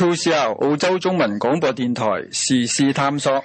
ToC 澳洲中文廣播電台時事探索。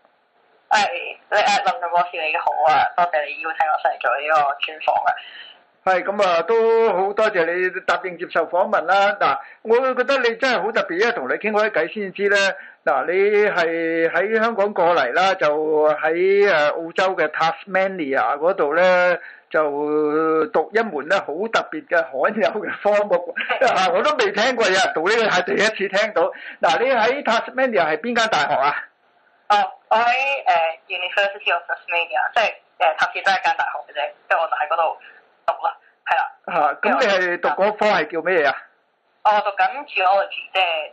係，你阿林總博士你好啊，多謝你邀請我上嚟做呢個專訪啊。係，咁啊都好多謝你答應接受訪問啦。嗱，我會覺得你真係好特別，因為同你傾開一偈先知咧。嗱，你係喺香港過嚟啦，就喺誒澳洲嘅 Tasmania 嗰度咧，就讀一門咧好特別嘅罕有嘅科目，我都未聽過嘅，讀呢個係第一次聽到。嗱，你喺 Tasmania 係邊間大學啊？哦，我喺誒 University of Tasmania，即係誒塔斯馬尼亞間大學嘅啫，即係我就喺嗰度讀啦，係啦。嚇！咁你係讀嗰科係叫咩嘢啊？我讀緊 geology，即係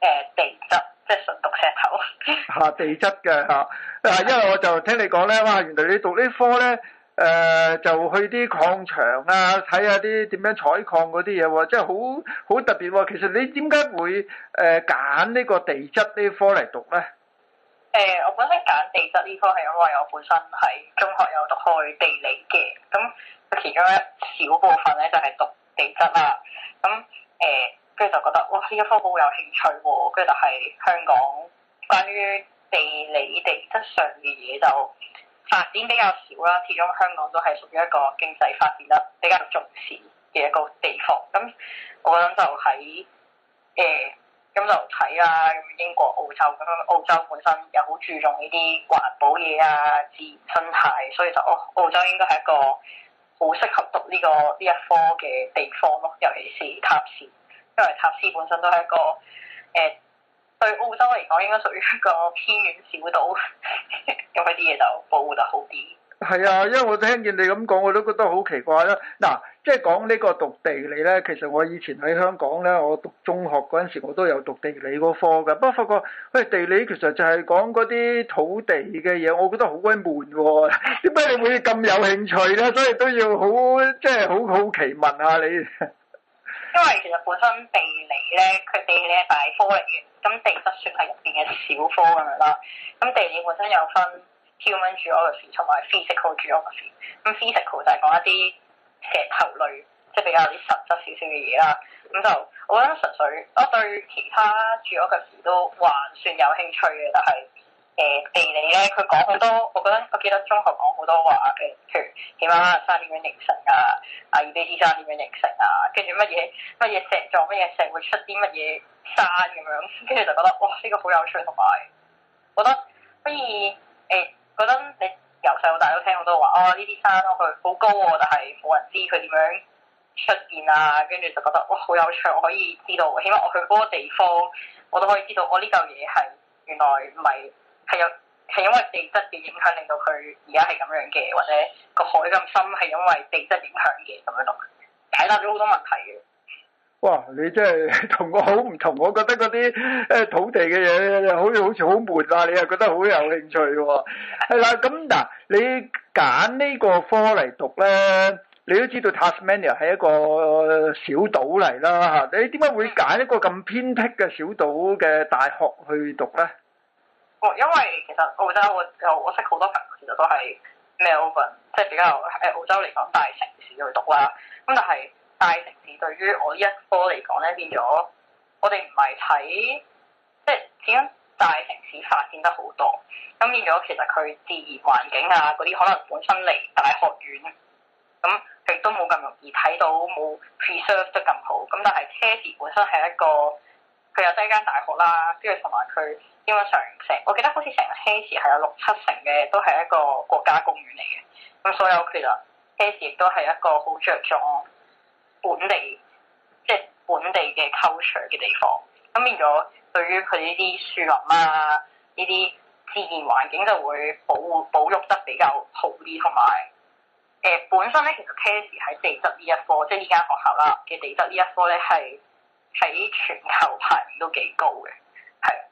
誒地質，即係讀石頭。嚇、 啊！地質嘅嚇，啊！因為我就聽你講咧，哇！原來你讀科呢科咧，誒、呃、就去啲礦場啊，睇下啲點樣採礦嗰啲嘢喎，即係好好特別喎、哦。其實你點解會誒揀呢個地質科呢科嚟讀咧？誒、呃，我本身揀地質呢科係因為我本身喺中學有讀開地理嘅，咁其中一小部分咧就係、是、讀地質啦。咁誒，跟、呃、住就覺得哇，呢一科好有興趣喎、哦。跟住就係香港關於地理地質上嘅嘢，就發展比較少啦。始終香港都係屬於一個經濟發展得比較重視嘅一個地方。咁我諗就喺誒。呃咁就睇啊，英國、澳洲咁樣，澳洲本身又好注重呢啲環保嘢啊、自然生態，所以就、哦、澳洲應該係一個好適合讀呢、呢個呢一科嘅地方咯、啊，尤其是塔斯，因為塔斯本身都係一個誒、呃、對澳洲嚟講應該屬於一個偏遠小島，咁一啲嘢就保護得好啲。係啊，因為我聽見你咁講，我都覺得好奇怪啦。嗱，即係講呢個讀地理咧，其實我以前喺香港咧，我讀中學嗰陣時，我都有讀地理個科噶，不過發覺，喂、欸，地理其實就係講嗰啲土地嘅嘢，我覺得好鬼悶，點解你會咁有興趣咧？所以都要好，即係好好奇問，問下你。因為其實本身地理咧，佢地理係大科嚟嘅，咁地質算係入邊嘅小科咁樣啦。咁地理本身有分。human geography，同埋 physical geography。咁 physical 就係講一啲石頭類，即、就、係、是、比較啲實質少少嘅嘢啦。咁就我覺得純粹，我對其他 geography 都還算有興趣嘅。但係誒、呃、地理咧，佢講好多，我覺得我記得中學講好多話嘅，譬如喜馬拉雅山點樣形成啊，阿爾卑斯山點樣形成啊，跟住乜嘢乜嘢石做乜嘢石，石會出啲乜嘢山咁樣，跟住就覺得哇呢、這個好有趣，同埋覺得可以誒。欸覺得你由細到大都聽，好多話：哦，呢啲山落去好高喎，但係冇人知佢點樣出現啊！跟住就覺得哇，好有趣，我可以知道。起碼我去嗰個地方，我都可以知道我呢嚿嘢係原來唔係係有係因為地質嘅影響令到佢而家係咁樣嘅，或者個海咁深係因為地質影響嘅咁樣咯，解答咗好多問題嘅。哇！你真係同我好唔同，我覺得嗰啲誒土地嘅嘢好似好似好悶啊！你又覺得好有興趣喎、哦。係啦，咁嗱，你揀呢個科嚟讀咧，你都知道 Tasmania 係一個小島嚟啦嚇。你點解會揀一個咁偏僻嘅小島嘅大學去讀咧？哦，因為其實澳洲我我，我識好多 friend 其實都係 Melbourne，即係比較喺、呃、澳洲嚟講大城市去讀啦。咁但係。大城市對於我呢一科嚟講咧，變咗我哋唔係睇即係點樣大城市發展得好多，咁變咗其實佢自然環境啊嗰啲可能本身離大學院，咁佢都冇咁容易睇到冇 preserve 得咁好。咁但係 Cathy 本身係一個佢有幾間大學啦，跟住同埋佢基本上成，我記得好似成個 Cathy 係有六七成嘅都係一個國家公園嚟嘅，咁所有 a 啦，Cathy 亦都係一個好着重。本地即係、就是、本地嘅 culture 嘅地方，咁變咗對於佢呢啲樹林啊呢啲自然環境就會保護保育得比較好啲，同埋誒本身咧其實 case 喺地質呢一科，即係呢間學校啦嘅地質呢一科咧係喺全球排名都幾高嘅，係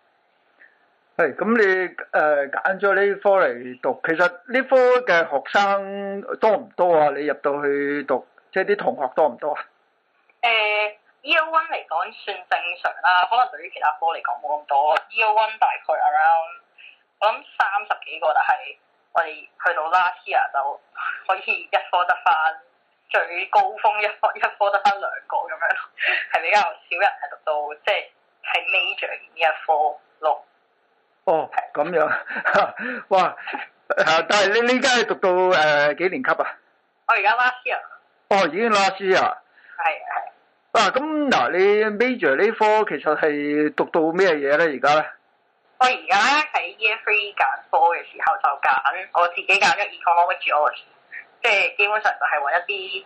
係咁你誒揀咗呢科嚟讀其實呢科嘅學生多唔多啊？你入到去讀？即係啲同學多唔多啊？誒，Year One 嚟講算正常啦，可能對於其他科嚟講冇咁多。Year One 大概 around，我諗三十幾個，就是，但係我哋去到 last year 就可以一科得翻最高峰一科一科得翻兩個咁樣，係 比較少人係讀到即係係 major 呢一科咯。就是，是 four，哦，咁是這樣， 哇！啊，但係你你依家係讀到誒，呃，幾年級啊？我而家哦，last year。哦，已經 last year 啊！係係。嗱咁嗱，你 major 呢科其實係讀到咩嘢咧？而家咧？我而家喺 year three 揀科嘅時候就揀我自己揀咗 economic geology，即係基本上就係揾一啲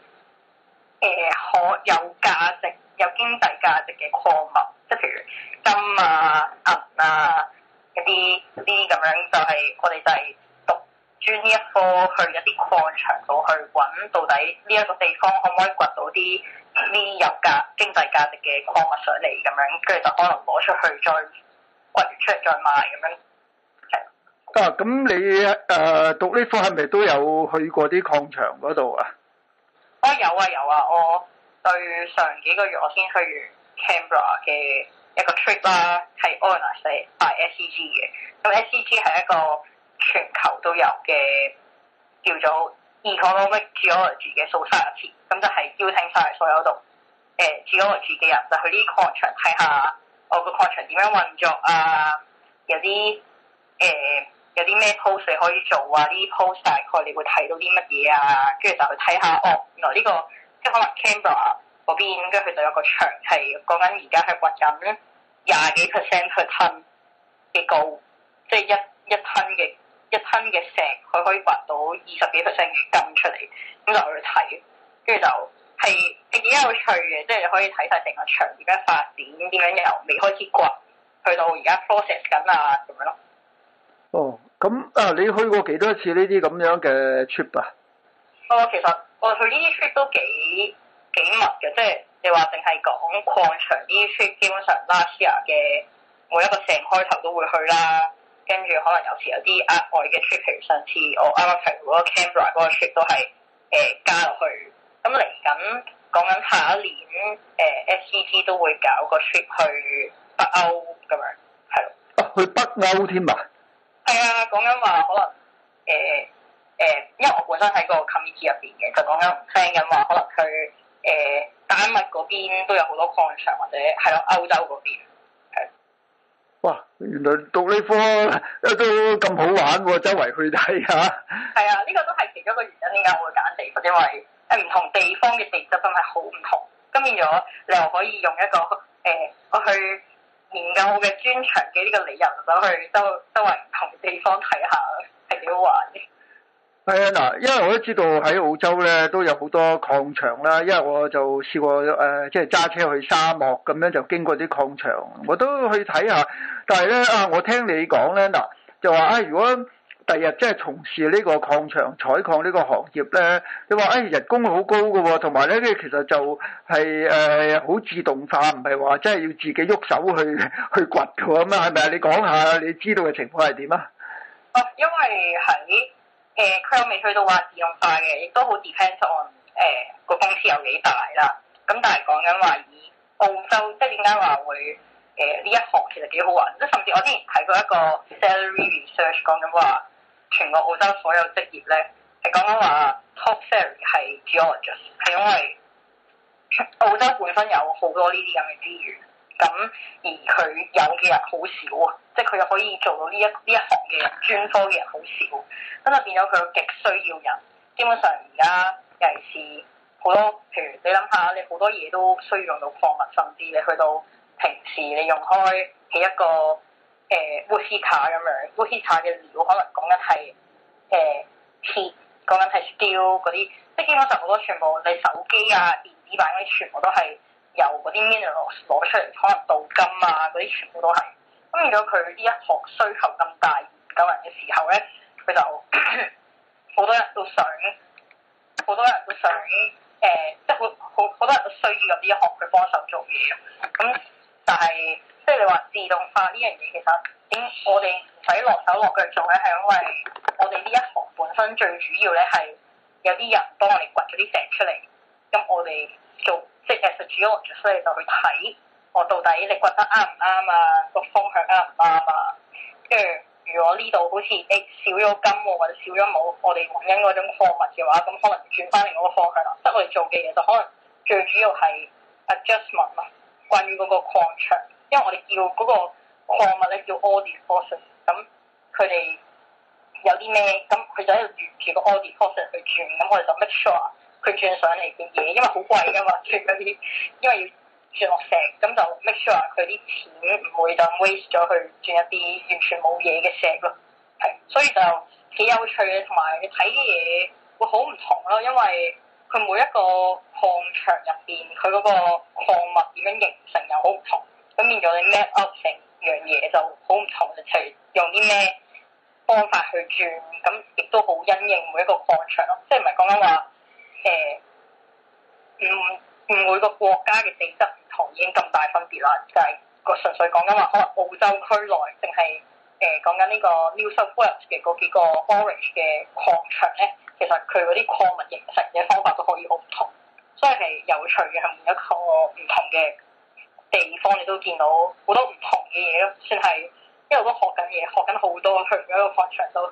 誒可有價值、有經濟價值嘅礦物，即係譬如金啊、銀啊嗰啲啲咁樣，就係我哋就係。專呢一科去一啲礦場度去揾到底呢一個地方可唔可以掘到啲呢入價經濟價值嘅礦物上嚟咁樣，跟住就可能攞出去再掘完出嚟再賣咁樣。啊，咁你誒、呃、讀呢科係咪都有去過啲礦場嗰度啊？我、啊、有啊有啊，我對上幾個月我先去完 Canberra 嘅一個 trip 啦，係 online 嚟，by S C G 嘅。咁 S C G 係一個。全球都有嘅叫做 Economic Geology 嘅數三、mm、十次，咁、hmm. 就係邀請晒所有度、呃、geology 嘅人，就是、去啲礦場睇下我個礦場點樣運作啊，有啲誒、呃、有啲咩 post 可以做啊，啲 post 大概你會睇到啲乜嘢啊，跟住就去睇下哦，原來呢、呢個即係可能 Canberra 嗰邊，跟住佢就有個場係講緊而家係掘緊廿幾 percent per ton 嘅高，即係、就是、一一 ton 嘅。一噸嘅石，佢可以掘到二十幾 percent 金出嚟，咁就去睇，跟住就係幾有趣嘅，即係、你、可以睇晒成個場而家發展點樣又未開始掘，去到而家 process 緊啊，咁樣咯。哦，咁啊，你去過幾多次呢啲咁樣嘅 trip 啊？哦，其實我去、哦、呢啲 trip 都幾幾密嘅，即、就、係、是、你話淨係講礦場呢啲 trip，基本上 last year 嘅每一個石開頭都會去啦。跟住可能有時有啲額外嘅 trip，譬如上次我啱啱提到 Cambridge 個 trip 都係誒、呃、加落去。咁嚟緊講緊下一年誒、呃、SCT 都會搞個 trip 去北歐咁樣，係咯、啊。去北歐添啊！係啊，講緊話可能誒誒、呃呃，因為我本身喺個 committee 入邊嘅，就講緊聽緊話，可能佢誒、呃、丹麥嗰邊都有好多礦場，或者係咯歐洲嗰邊。哇！原來讀呢科都咁好玩喎、啊，周圍去睇下，係啊，呢、呢個都係其中一個原因，點解我會揀地方，因為誒唔同地方嘅地質都係好唔同。咁變咗，你又可以用一個誒、呃、我去研究嘅專長嘅呢個理由，走去周周圍唔同地方睇下係幾好玩嘅。係啊，嗱，因為我都知道喺澳洲咧都有好多礦場啦。因為我就試過誒，即係揸車去沙漠咁樣就經過啲礦場，我都去睇下。但係咧啊，我聽你講咧，嗱，就話誒，如果第日即係從事呢個礦場採礦呢個行業咧，你話誒人工好高㗎喎，同埋咧，呢其實就係誒好自動化，唔係話即係要自己喐手去去掘佢喎，咁樣係咪啊？你講下你知道嘅情況係點啊？啊，因為喺誒，佢未、呃、去到話自動化嘅，亦都好 depend on 誒、呃、個公司有幾大啦。咁但係講緊話以澳洲，即係點解話會誒呢一行其實幾好玩？即甚至我之前睇過一個 salary research 講緊話，全個澳洲所有職業咧係講緊話 top salary 係 geologist 係因為澳洲本身有好多呢啲咁嘅資源，咁而佢有嘅人好少啊。即係佢又可以做到呢一呢一行嘅專科嘅人好少，咁就變咗佢極需要人。基本上而家尤其是好多，譬如你諗下，你好多嘢都需要用到礦物，甚至你去到平時你用開起一個誒 whisker 咁樣 whisker 嘅料，可能講緊係誒鐵，講緊係 steel 嗰啲，即係基本上好多全部你手機啊、電子版嗰啲，全部都係由嗰啲 minerals 攞出嚟，可能鍍金啊嗰啲，全部都係。咁如果佢呢一行需求咁大，唔夠人嘅時候咧，佢就好多人都想，好多人都想，誒、呃，即係好好好多人都需要入呢一行，去幫手做嘢。咁但係，即係你話自動化呢樣嘢，其實點我哋唔使落手落腳做咧，係因為我哋呢一行本身最主要咧係有啲人幫我哋掘咗啲石出嚟，咁我哋做即係 as a geologist 咧就去睇。我到底你掘得啱唔啱啊？個方向啱唔啱啊？跟住如果呢度好似誒、欸、少咗金、哦、或者少咗冇我哋揾緊嗰種礦物嘅話，咁可能轉翻嚟嗰個方向啦。得我哋做嘅嘢就可能最主要係 adjustment 啦，關於嗰個礦場、嗯 sure，因為我哋叫嗰個礦物咧叫 audit portion，咁佢哋有啲咩，咁佢就喺度轉轉個 audit portion 去轉，咁我哋就 make sure 佢轉上嚟嘅嘢，因為好貴噶嘛，轉嗰啲因為要。轉落石咁就 make sure 佢啲錢唔會就咁 waste 咗去轉一啲完全冇嘢嘅石咯，係，所以就幾有趣嘅，同埋你睇嘅嘢會好唔同咯，因為佢每一個礦場入邊佢嗰個礦物點樣形成又好唔同，咁變咗你 map out 成樣嘢就好唔同，就隨、是、用啲咩方法去轉，咁亦都好因應每一個礦場咯，即係唔係講緊話誒，嗯。每個國家嘅地質唔同，已經咁大分別啦。就係個純粹講緊話，可能澳洲區內淨係誒講緊呢個 New South Wales 嘅嗰幾個 Orange 嘅礦場咧，其實佢嗰啲礦物形成嘅方法都可以好唔同，所以係有趣嘅。係一個唔同嘅地方，你都見到好多唔同嘅嘢咯。算係，因為都學緊嘢，學緊好多去一個礦場都。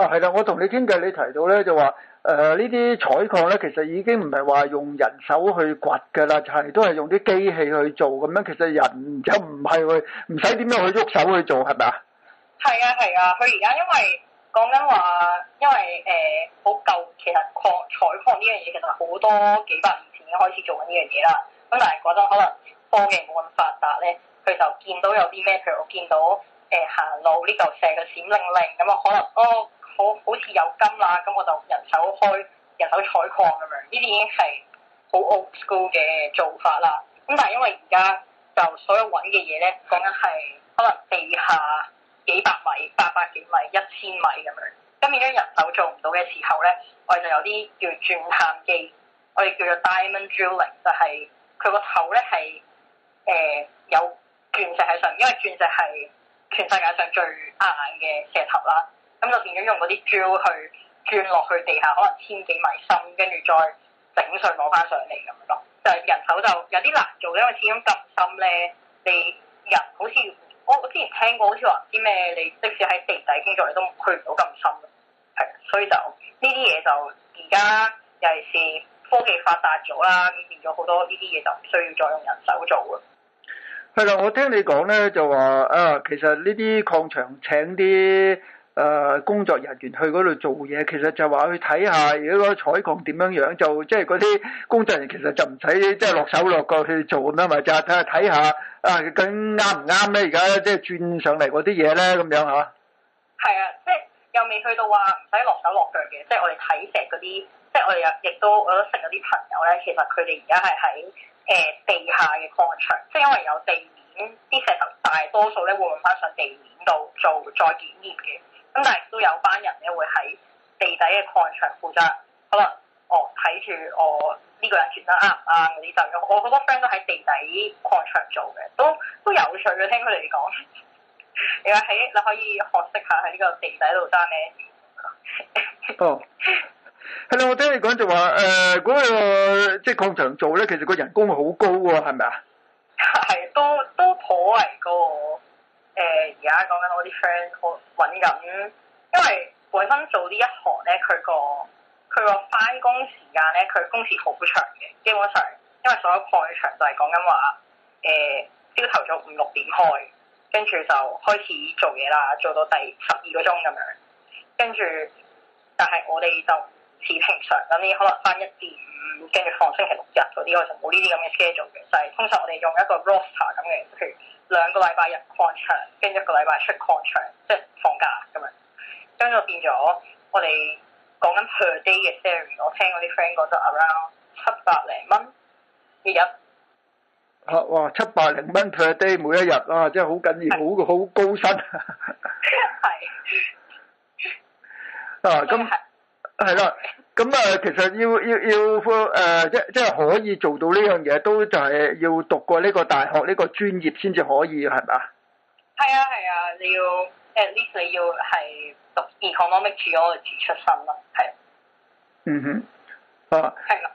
啊，係啦，我同你傾偈，你提到咧就話。誒呢啲採礦咧，其實已經唔係話用人手去掘㗎啦，就係都係用啲機器去做咁樣。其實人又唔係去，唔使點樣去喐手去做，係咪啊？係啊係啊！佢而家因為講緊話，因為誒好、呃、舊，其實礦採礦呢樣嘢其實好多幾百年前已經開始做緊呢樣嘢啦。咁但係講真，可能科技冇咁發達咧，佢就見到有啲咩？譬如我見到誒、呃、行路呢度成個閃靈靈咁啊，可能我。哦好好似有金啦，咁我就人手開，人手採礦咁樣，呢啲已經係好 old school 嘅做法啦。咁但係因為而家就所有揾嘅嘢咧，講緊係可能地下幾百米、八百幾米、一千米咁樣。咁變咗人手做唔到嘅時候咧，我哋就有啲叫鑽探機，我哋叫做 diamond drilling，就係佢個頭咧係誒有鑽石喺上面，因為鑽石係全世界上最硬嘅石頭啦。咁就變咗用嗰啲錫去鑽落去地下可能千幾米深，跟住再整碎攞翻上嚟咁咯。就係人手就有啲難做，因為始終咁深咧，你人，好似我，我之前聽過，好似話啲咩，你即使喺地底工作，你都去唔到咁深。係，所以就呢啲嘢就而家尤其是科技發達咗啦，咁變咗好多呢啲嘢就唔需要再用人手做啦。係啦，我聽你講咧就話啊，其實呢啲礦場請啲。誒、呃、工作人員去嗰度做嘢，其實就話去睇下如果採礦點樣樣，就即係嗰啲工作人員其實就唔使即係落手落腳去做咁樣，咪就係睇下睇下啊咁啱唔啱咧？而家即係轉上嚟嗰啲嘢咧，咁樣嚇。係啊，即係又未去到話唔使落手落腳嘅，即係我哋睇石嗰啲，即係我哋又亦都我都識嗰啲朋友咧。其實佢哋而家係喺誒地下嘅礦場，即係因為有地面啲石頭大多數咧會運返上地面度做再檢驗嘅。咁但係都有班人咧會喺地底嘅礦場負責，可能哦睇住我呢個人轉得啱唔啱嗰啲就用。我好多 friend 都喺地底礦場做嘅，都都有趣嘅。聽佢哋講，你話喺你可以學識下喺呢個地底度爭咩？ 哦，係啦，我聽你講就話誒，嗰、呃嗰個即係礦場做咧，其實個人工好高喎，係咪啊？係， 都都頗為高。誒、呃，而家講緊我啲 friend，揾緊，因為本身做呢一行咧，佢個佢個返工時間咧，佢工時好長嘅，基本上因為所有礦場就係講緊話，誒朝頭早五六點開，跟住就開始做嘢啦，做到第十二個鐘咁樣，跟住但係我哋就。似平常咁啲，可能返一至五，跟住放星期六日嗰啲，我就冇呢啲咁嘅 schedule 嘅。就係通常我哋用一個 roster 咁嘅，譬如兩個禮拜入 contract 跟住一個禮拜出 contract 即係放假咁樣。跟住變咗我哋講緊 per day 嘅 salary 我聽我啲 friend 講得 around 七百零蚊一日。哇！七百零蚊 per day 每一日啊，真係好緊要，好好是 高薪。係。啊咁。係啦，咁啊、嗯，其實要要要誒、呃，即即係可以做到呢樣嘢，都就係要讀過呢個大學呢個專業先至可以，係咪？係啊係啊，你要 at least 你要係讀 economic geology 出身咯，係。嗯哼，啊。係啦，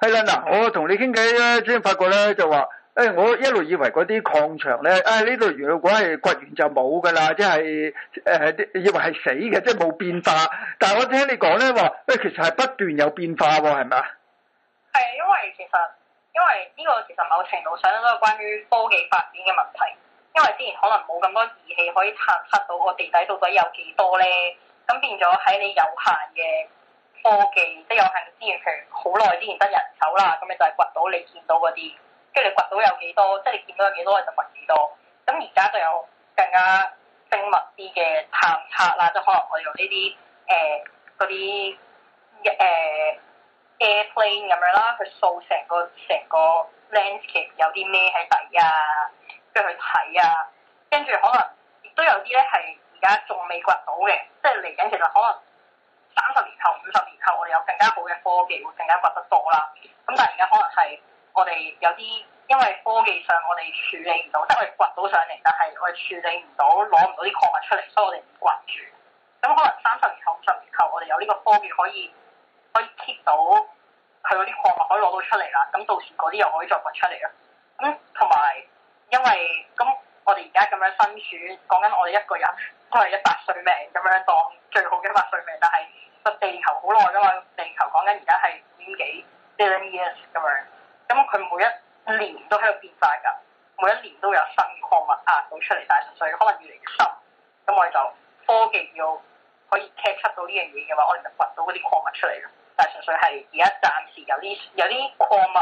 係啦，嗱，我同你傾偈咧，先發覺咧就話。誒、哎，我一路以為嗰啲礦場咧，啊呢度如果係掘完就冇噶啦，即係誒、呃、以為係死嘅，即係冇變化。但係我聽你講咧話，誒、哎、其實係不斷有變化喎，係咪啊？係，因為其實因為呢個其實某程度上都係關於科技發展嘅問題。因為之前可能冇咁多儀器可以探測到個地底到底有幾多咧，咁變咗喺你有限嘅科技，即、就、係、是、有限嘅資源，譬如好耐之前得人手啦，咁咪就係掘到你見到嗰啲。即係你掘到有幾多，即係你見到有幾多，你就掘幾多。咁而家就有更加精密啲嘅探測啦，即係可能我哋用呢啲誒嗰啲誒 airplane 咁樣啦，去掃成個成個 landscape 有啲咩喺底啊，跟住睇啊，跟住可能亦都有啲咧係而家仲未掘到嘅，即係嚟緊其實可能三十年後、五十年後我哋有更加好嘅科技會更加掘得多啦。咁但係而家可能係。我哋有啲，因為科技上我哋處理唔到，即係我哋掘到上嚟，但係我哋處理唔到，攞唔到啲礦物出嚟，所以我哋唔掘住。咁可能三十年後、五十年後，我哋有呢個科技可以可以 keep 到佢嗰啲礦物可以攞到出嚟啦。咁到時嗰啲又可以再掘出嚟咯。咁同埋因為咁，我哋而家咁樣身處講緊我哋一個人，都係一百歲命咁樣當最好嘅一百歲命，但係個地球好耐噶嘛，地球講緊而家係五點幾 million years 咁樣。 咁佢每一年都喺度變化㗎，每一年都有新嘅礦物壓到出嚟，但係純粹可能越嚟越深，咁我哋就科技要可以 catch 到呢樣嘢嘅話，我哋就掘到嗰啲礦物出嚟嘅，但係純粹係而家暫時有啲有啲礦物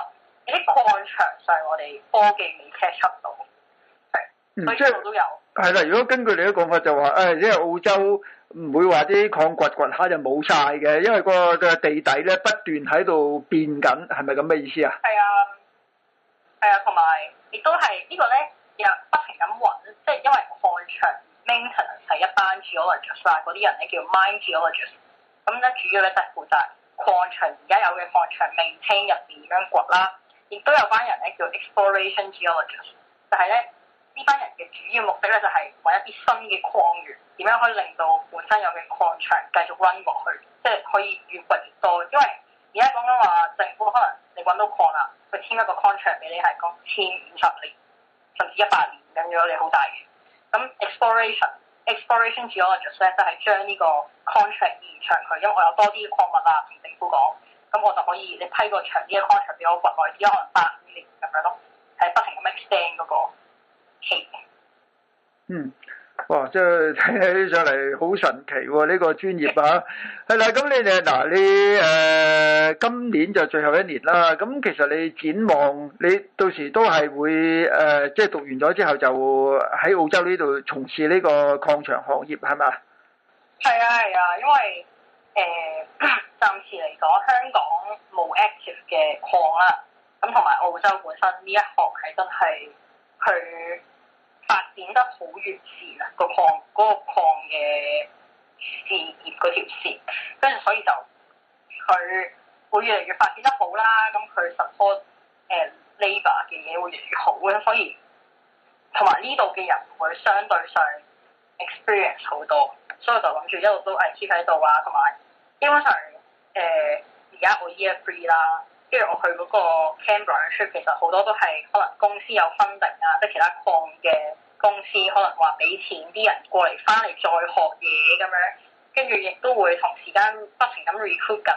有啲礦場，上我哋科技未 catch 到，係，所以一路都有。係啦、嗯，如果根據你嘅講法就話、是，誒、哎，因為澳洲。唔會話啲礦掘掘下就冇晒嘅，因為個嘅地底咧不斷喺度變緊，係咪咁嘅意思啊？係啊，係啊，同埋亦都係、這個、呢個咧，又不停咁揾，即係因為礦場 maintenance 係一班 geologist 嗰啲人咧叫 mining geologist，咁咧主要咧就係負責礦場而家有嘅礦場 maintain 入邊咁掘啦，亦都有班人咧叫 exploration geologist，但係咧。呢班人嘅主要目的咧，就係、是、揾一啲新嘅礦源，點樣可以令到本身有嘅礦場繼續 run 落去，即係可以越掘越多。因為而家講緊話政府可能你揾到礦啦，佢簽一個 contract 俾你係講千五十年，甚至一百年咁樣，你好大嘅。咁 exploration exploration geologists 咧，就係將呢個 contract 延長佢，因為我有多啲礦物啊，同政府講，咁我就可以你批個長啲嘅 contract 俾我掘耐啲，可能八五年咁樣咯，係不停咁 extend 嗰個。嗯，哇！即係睇起上嚟好神奇喎、啊，呢、呢個專業啊，係啦。 咁你哋嗱，你誒、呃，今年就最後一年啦。咁、嗯、其實你展望，你到時都係會誒、呃，即係讀完咗之後就喺澳洲呢度從事呢個礦場行業，係咪？係啊係啊，因為誒，暫、呃、時嚟講香港冇 active 嘅礦啦，咁同埋澳洲本身呢一行係真係去發展得好完善啦，個礦嗰個礦嘅事業嗰條線，跟住所以就佢會越嚟越發展得好啦。咁佢 support 誒 labour 嘅嘢會越嚟越好咧。所以同埋呢度嘅人會相對上 experience 好多，所以我就諗住一路都係 keep 喺度啊。同埋基本上誒而家我 year three 啦，跟住我去嗰個 Cambridge trip 其實好多都係可能公司有分定啊，即係其他礦嘅。公司可能話俾錢啲人過嚟翻嚟再學嘢咁樣，跟住亦都會同時間不停咁 recruit 緊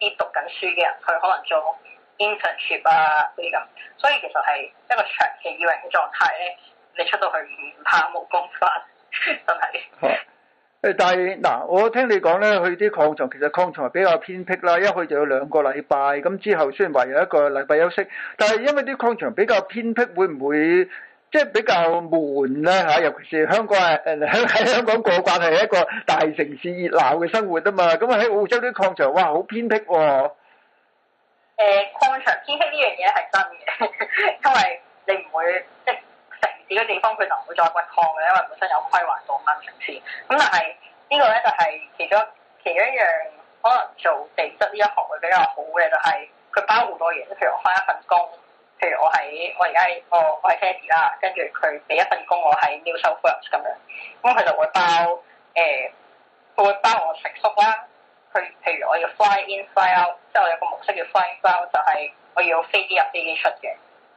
啲讀緊書嘅人，佢可能做 internship 啊嗰啲咁，所以其實係一個長期養嘅狀態咧。你出到去唔怕冇工返，真係。誒，但係嗱， 我聽你講咧，去啲礦場其實礦場比較偏僻啦，一去就有兩個禮拜，咁之後雖然話有一個禮拜休息，但係因為啲礦場比較偏僻，會唔會？即係比較悶啦、啊、嚇，尤其是香港誒，喺香港過慣係一個大城市熱鬧嘅生活啊嘛。咁啊喺澳洲啲礦場，哇，好偏僻喎、啊。誒、呃，礦場偏僻呢樣嘢係真嘅， 因為你唔會即係城市嘅地方，佢就唔會再掘礦嘅，因為本身有規劃到咁嘅城市。咁但係呢個咧就係、是、其中其中一樣可能做地質呢一行會比較好嘅、就是，就係佢包好多嘢，譬如我開一份工。譬如我喺我而家我我 fans 啦跟住佢俾一份工我喺 New South Wales 咁樣，咁、嗯、佢就會包誒，佢、欸、會包我食宿啦。佢譬如我要 fly in fly out，即係我有個模式叫 fly in, fly out，就係我要飛機入飛機出嘅。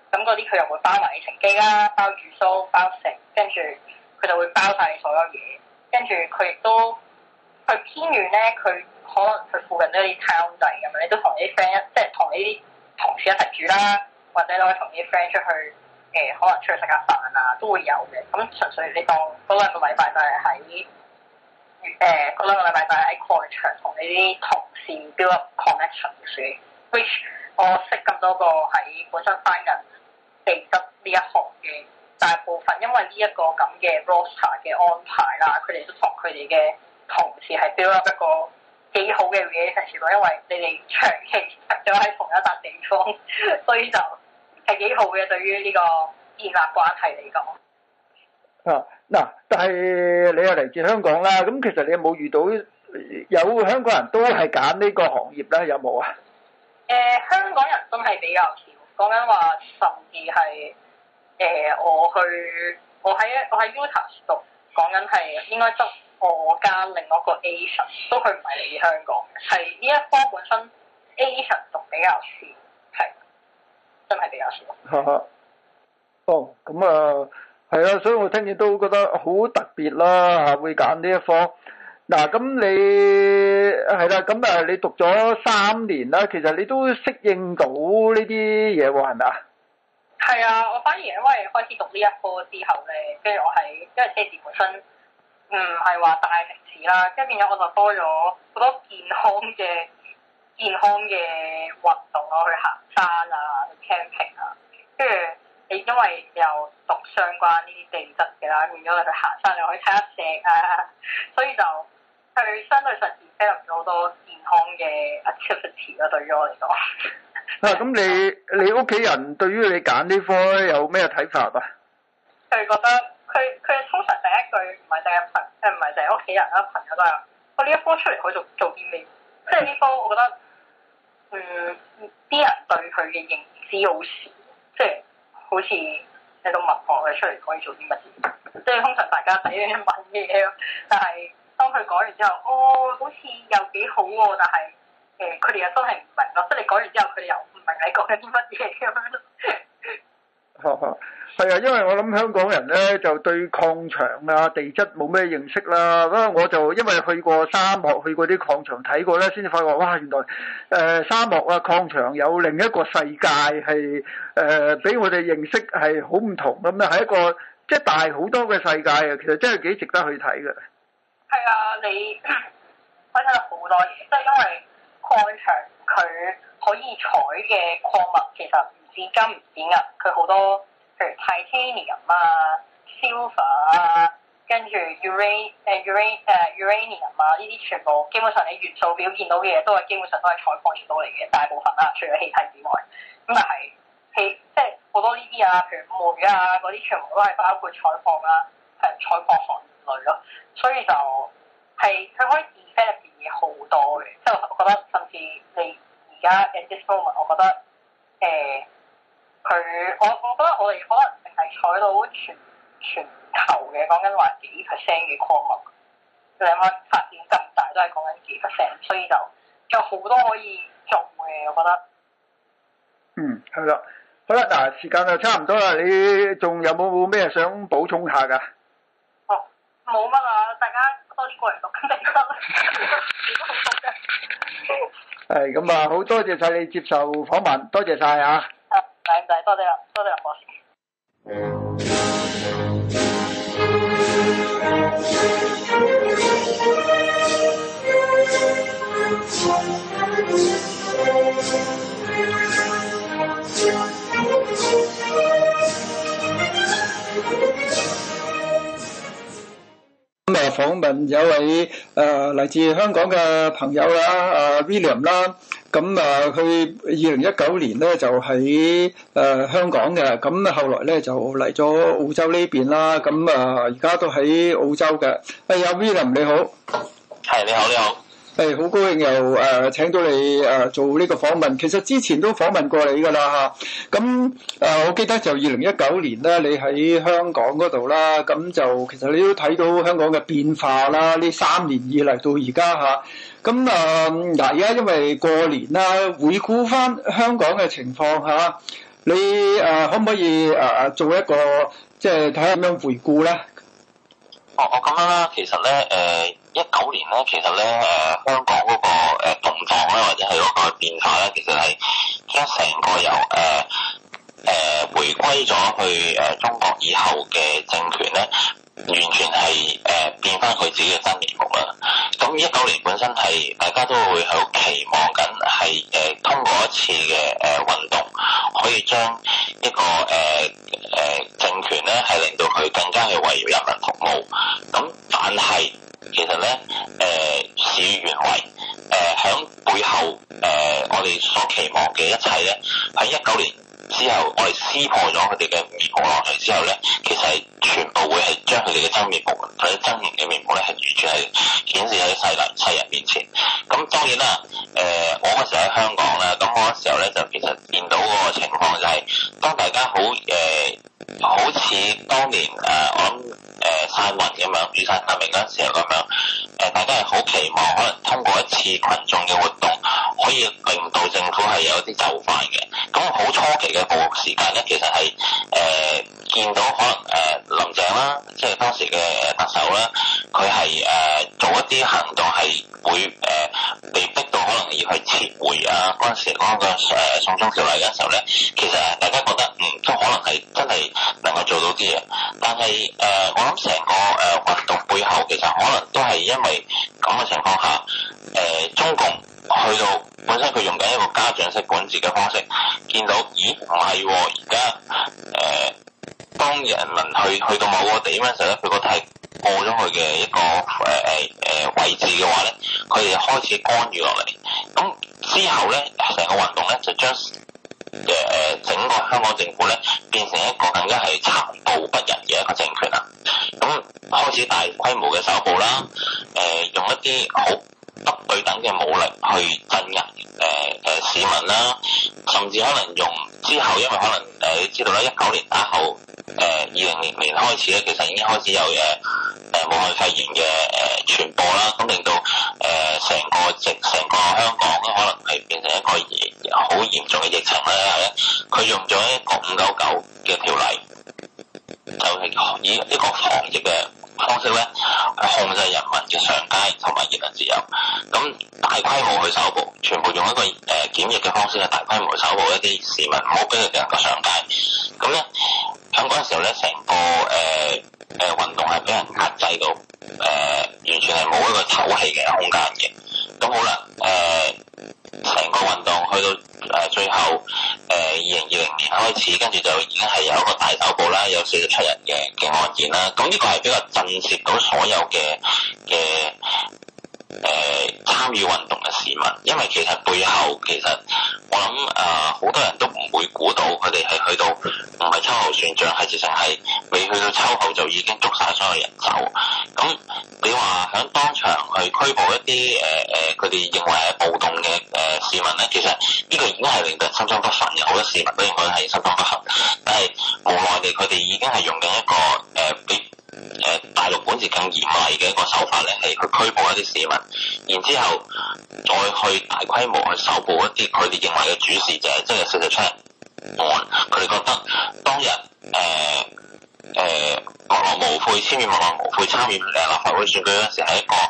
咁嗰啲佢又會包埋你乘機啦，包住宿包食，跟住佢就會包晒你所有嘢。跟住佢亦都去偏遠咧，佢可能佢附近都有啲 town 仔咁樣，你都同你啲 friend 即係同你啲同事一齊住啦。或者你可以同啲 friend 出去誒、呃，可能出去食下飯啊，都會有嘅。咁純粹你當嗰兩個禮拜就係喺誒嗰兩個禮拜就係喺 conference 同你啲同事 build up connection 先、mm。Hmm. which 我識咁多個喺本身翻緊 p 得呢一行嘅大部分，因為呢一個咁嘅 roster 嘅安排啦、啊，佢哋都同佢哋嘅同事係 build up 一個幾好嘅 relationship、mm hmm. 因為你哋長期喺咗喺同一笪地方，所以就～係幾好嘅，對於呢個建立關係嚟講。啊，嗱，但係你又嚟自香港啦，咁其實你有冇遇到有香港人都係揀呢個行業咧，有冇啊？誒、呃，香港人都係比較少，講緊話甚至係誒、呃，我去我喺我喺 Uta 讀，講緊係應該得我加另外一個 Asian，都佢唔係嚟自香港，係呢一科本身 Asian 讀比較少。真係比較少。嚇！ 哦，咁啊，係啊，所以我聽見都覺得好特別啦，嚇，會揀呢一科。嗱，咁你係啦，咁啊，你，啊你讀咗三年啦，其實你都適應到呢啲嘢喎，係咪啊？係啊，我反而因為開始讀呢一科之後咧，跟住我係因為車子本身唔係話大城市啦，跟住有咗我就多咗好多健康嘅。健康嘅運動咯，去行山啊，去 camping 啊，跟住你因為又讀相關呢啲地質嘅啦，變咗你去行山你可以睇下石啊，所以就係相對上 develop 咗好多健康嘅 activity 咯，對於我嚟講。啊，咁、嗯、你你屋企人對於你揀呢科有咩睇法啊？佢 覺得佢佢通常第一句唔係第一朋，誒唔係，就係屋企人啦，朋友都有，我呢一科出嚟佢做做啲咩？即係呢科我覺得。嗯，啲人對佢嘅認知好少，即係好似喺度問我佢出嚟可以做啲乜嘢，即係通常大家睇啲問嘢咯。但係當佢講完之後，哦，好似又幾好喎，但係誒，佢哋又真係唔明咯。即係你講完之後，佢哋又唔明你講緊啲乜嘢咁樣咯。呵呵。係 啊，因為我諗香港人咧就對礦場啊、地質冇咩認識啦。咁我就因為去過沙漠、去過啲礦場睇過咧，先至發覺哇，原來誒、呃、沙漠啊、礦場有另一個世界係誒，俾、呃、我哋認識係好唔同咁啊，係一個即係、就是、大好多嘅世界啊。其實真係幾值得去睇㗎。係啊，你可睇到好多嘢，即係因為礦場佢可以採嘅礦物其實。至今唔止啊！佢好多，譬如 titanium 啊、silver 啊，跟住 uran 誒 uran 誒 uranium 啊，呢啲、啊、全部基本上你元素表見到嘅嘢，都係基本上都係採礦出到嚟嘅，大部分啦，除咗氣體之外。咁但係氣即係好多呢啲啊，譬如煤啊嗰啲，全部都係包括採礦啦、啊，係、啊、採礦行列咯。所以就係佢可以 develop 啲嘢好多嘅，即係我覺得甚至你而家嘅 industry 我覺得誒。欸佢我我覺得我哋可能淨係採到全全球嘅講緊話幾 percent 嘅礦物。你諗下發展咁大，都係講緊幾 percent，所以就有好多可以做嘅。我覺得，嗯，係啦，好啦，嗱，時間就差唔多啦，你仲有冇咩想補充下噶？哦，冇乜啦，大家多啲過嚟讀緊地積啦。係咁啊，好多謝晒你接受訪問，多謝晒啊！嚟嚟，坐定啦，坐定啦，好。今日，訪問 有位誒嚟、呃、自香港嘅朋友啊阿、啊、William 啦、啊。咁啊，佢二零一九年咧就喺誒、呃、香港嘅，咁後來咧就嚟咗澳洲呢邊啦。咁啊，而家都喺澳洲嘅。哎呀 William 你好，係你好你好，係好、哎、高興又誒、呃、請到你誒、呃、做呢個訪問。其實之前都訪問過你㗎啦嚇。咁誒、啊，我記得就二零一九年咧，你喺香港嗰度啦。咁就其實你都睇到香港嘅變化啦。呢三年以嚟到而家嚇。啊咁啊，嗱而家因為過年啦，回顧翻香港嘅情況吓，你誒可唔可以誒做一個即係睇下點樣回顧咧？哦，我咁樣啦，其實咧誒，一、呃、九年咧，其實咧誒、呃，香港嗰個誒動向咧，或者係嗰個變化咧，其實係一成個由誒誒、呃呃、回歸咗去誒中國以後嘅政權咧。完全係誒、呃、變翻佢自己嘅真面目啦。咁一九年本身係大家都會喺度期望緊，係、呃、誒通過一次嘅誒、呃、運動，可以將一個誒誒、呃呃、政權咧係令到佢更加係為人民服務。咁但係其實咧誒事與願違，誒、呃、響、呃、背後誒、呃、我哋所期望嘅一切咧，喺一九年。之後，我哋撕破咗佢哋嘅面幕落去。之後咧，其實係全部會係將佢哋嘅真面目，或者真形嘅面目咧，係完全係顯示喺世人、世人面前。咁當然啦，誒、呃，我嗰時喺香港咧，咁嗰時候咧就其實見到嗰個情況就係、是，當大家好誒、呃，好似當年誒、呃、我諗。誒，傘運咁樣，雨傘革命嗰陣時啊，咁樣誒，大家係好期望，可能通過一次群眾嘅活動，可以令到政府係有一啲就快嘅。咁好初期嘅個時間咧，其實係誒、呃、見到可能誒、呃、林鄭啦，即係當時嘅特首啦，佢係誒做一啲行動係會誒、呃、被逼到可能要去撤回啊，嗰陣時講個誒送中條例嗰陣時候咧，其實大家覺得嗯，都可能係真係能夠做到啲嘢，但係誒我。呃成個誒、呃、運動背後其實可能都係因為咁嘅情況下，誒、呃、中共去到本身佢用緊一個家長式管治嘅方式，見到，咦唔係喎，而家誒，當人民去去到某個地方嘅時候咧，佢個題過咗佢嘅一個誒誒誒位置嘅話咧，佢哋開始干預落嚟。咁之後咧，成個運動咧就將誒誒、呃、整個香港政府咧變成一個更加係殘暴不仁嘅一個政權啦。咁開始大規模嘅搜捕啦，誒、呃、用一啲好不對等嘅武力去鎮壓，誒、呃、誒、呃、市民啦，甚至可能用之後，因為可能誒、呃、你知道啦，一九年打後，誒二零零年開始咧，其實已經開始有誒誒武漢肺炎嘅誒傳播啦，咁令到誒成、呃、個成個香港可能係變成一個好嚴重嘅疫情啦。係咧，佢用咗一個五九九嘅條例。就係以呢個防疫嘅方式咧，控制人民嘅上街同埋言論自由。咁大規模去搜捕，全部用一個誒、呃、檢疫嘅方式去大規模搜捕一啲市民，唔好俾佢哋上街。咁咧，喺嗰陣時候咧，成個誒誒、呃呃、運動係俾人壓制到，誒、呃、完全係冇一個唞氣嘅空間嘅。咁好啦，誒、呃。成個運動去到誒、呃、最後誒，二零二零年開始，跟住就已經係有一個大拘捕啦，有四十七人嘅嘅案件啦。咁呢個係比較震懾到所有嘅嘅。誒、呃、參與運動嘅市民，因為其實背後其實我諗啊，好、呃、多人都唔會估到佢哋係去到唔係秋後算帳，係直情係未去到秋後就已經捉晒所有人走。咁你話響當場去拘捕一啲誒誒，佢哋認為係暴動嘅誒、呃、市民咧，其實呢個已經係令人心中不忿嘅，好多市民都應該係心中不忿，但係無奈地佢哋已經係用緊一個誒俾。呃誒、呃、大陸本是更嚴厲嘅一個手法咧，係去拘捕一啲市民，然之後再去大規模去搜捕，捕一啲佢哋認為嘅主事者，即係四十七案佢哋覺得當日誒誒，墨落無悔簽名、墨落無悔參與誒立法會選舉嗰陣時係一個誒、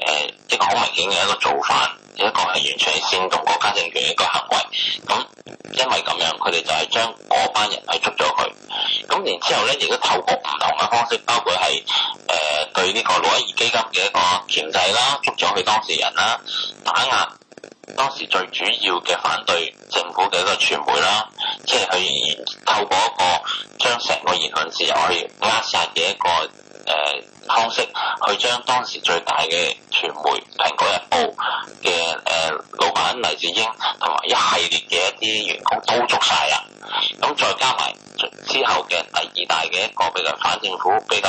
呃、一個好明顯嘅一個做法。一個係完全係煽動國家政權嘅一個行為，咁因為咁樣，佢哋就係將嗰班人係捉咗佢，咁然之後咧亦都透過唔同嘅方式，包括係誒、呃、對呢個六一二基金嘅一個鉗制啦，捉咗佢當事人啦，打壓當時最主要嘅反對政府嘅一個傳媒啦，即係去透過一個將成個言論自由去扼殺嘅一個。誒、呃、方式去將當時最大嘅傳媒《蘋果日報》嘅、呃、誒老闆黎智英同埋一系列嘅一啲員工都捉晒啦、嗯，咁再加埋之後嘅第二大嘅一個比較反政府比較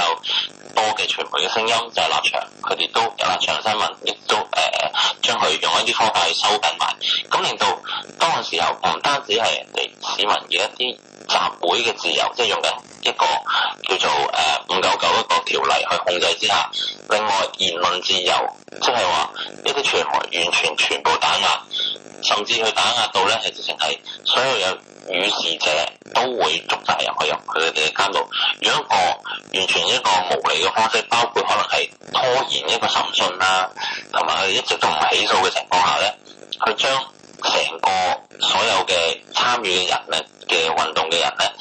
多嘅傳媒嘅聲音就係、是、立場，佢哋都有立場新聞，亦都誒將佢用一啲方法去收緊埋，咁、嗯、令到當陣時候唔單止係人哋市民嘅一啲。集會嘅自由，即係用緊一個叫做誒599一個條例去控制之下。另外言論自由，即係話一啲傳媒完全全部打壓，甚至去打壓到咧係直情係所有有與事者都會捉責任入去佢哋間度。如果一個完全一個無理嘅方式，包括可能係拖延一個審訊啦，同埋佢一直都唔起訴嘅情況下咧，佢將。成個所有嘅參與嘅人咧，嘅運動嘅人咧，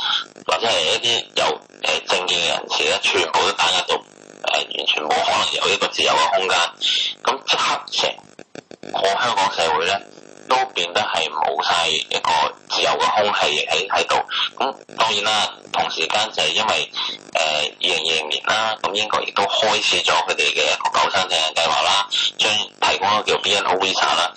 或者係一啲有誒政見嘅人士咧，全部都打壓到誒完全冇可能有呢個自由嘅空間，咁即刻成個香港社會咧，都變得係冇晒一個自由嘅空氣喺喺度，咁當然啦。同時間就係因為誒二零二零年啦，咁、嗯、英國亦都開始咗佢哋嘅一個救生艇嘅計劃啦，將提供一個叫 BNO Visa 啦。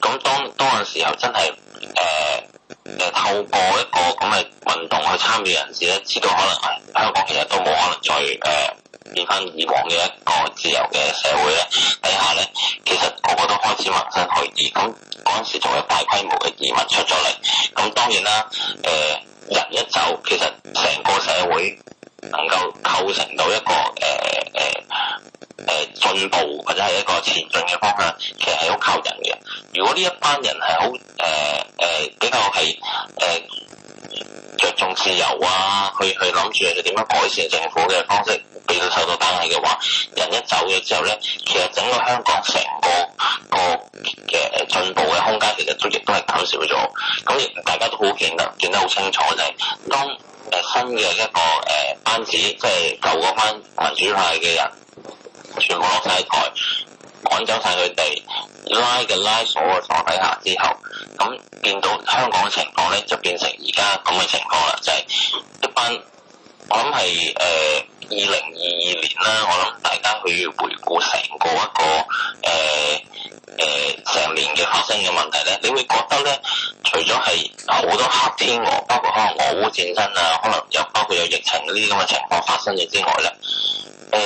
咁、嗯、當當個時候真係誒誒透過一個咁嘅運動去參與人士咧，知道可能係香港其實都冇可能再誒。呃變翻以往嘅一個自由嘅社會咧，底下咧其實個個都開始 migrate 去，咁嗰陣時仲有大規模嘅移民出咗嚟，咁當然啦，誒、呃、人一走，其實成個社會能夠構成到一個誒誒誒進步或者係一個前進嘅方向，其實係好靠人嘅。如果呢一班人係好誒誒比較係誒着重自由啊，去去諗住佢哋點樣改善政府嘅方式。其實受到打壓嘅話，人一走咗之後咧，其實整個香港成個個嘅進步嘅空間其實都亦都係減少咗。咁亦大家都好見得見得好清楚就係、是、當誒、呃、新嘅一個誒、呃、班子，即係舊嗰班民主派嘅人，全部落晒台，趕走晒佢哋，拉嘅拉鎖嘅鎖底下之後，咁見到香港嘅情況咧，就變成而家咁嘅情況啦，就係、是、一班我諗係誒。呃二零二二年啦，我諗大家去回顧成個一個誒誒成年嘅發生嘅問題咧，你會覺得咧，除咗係好多黑天鵝，包括可能俄烏戰爭啊，可能又包括有疫情呢啲咁嘅情況發生嘅之外咧，誒、呃、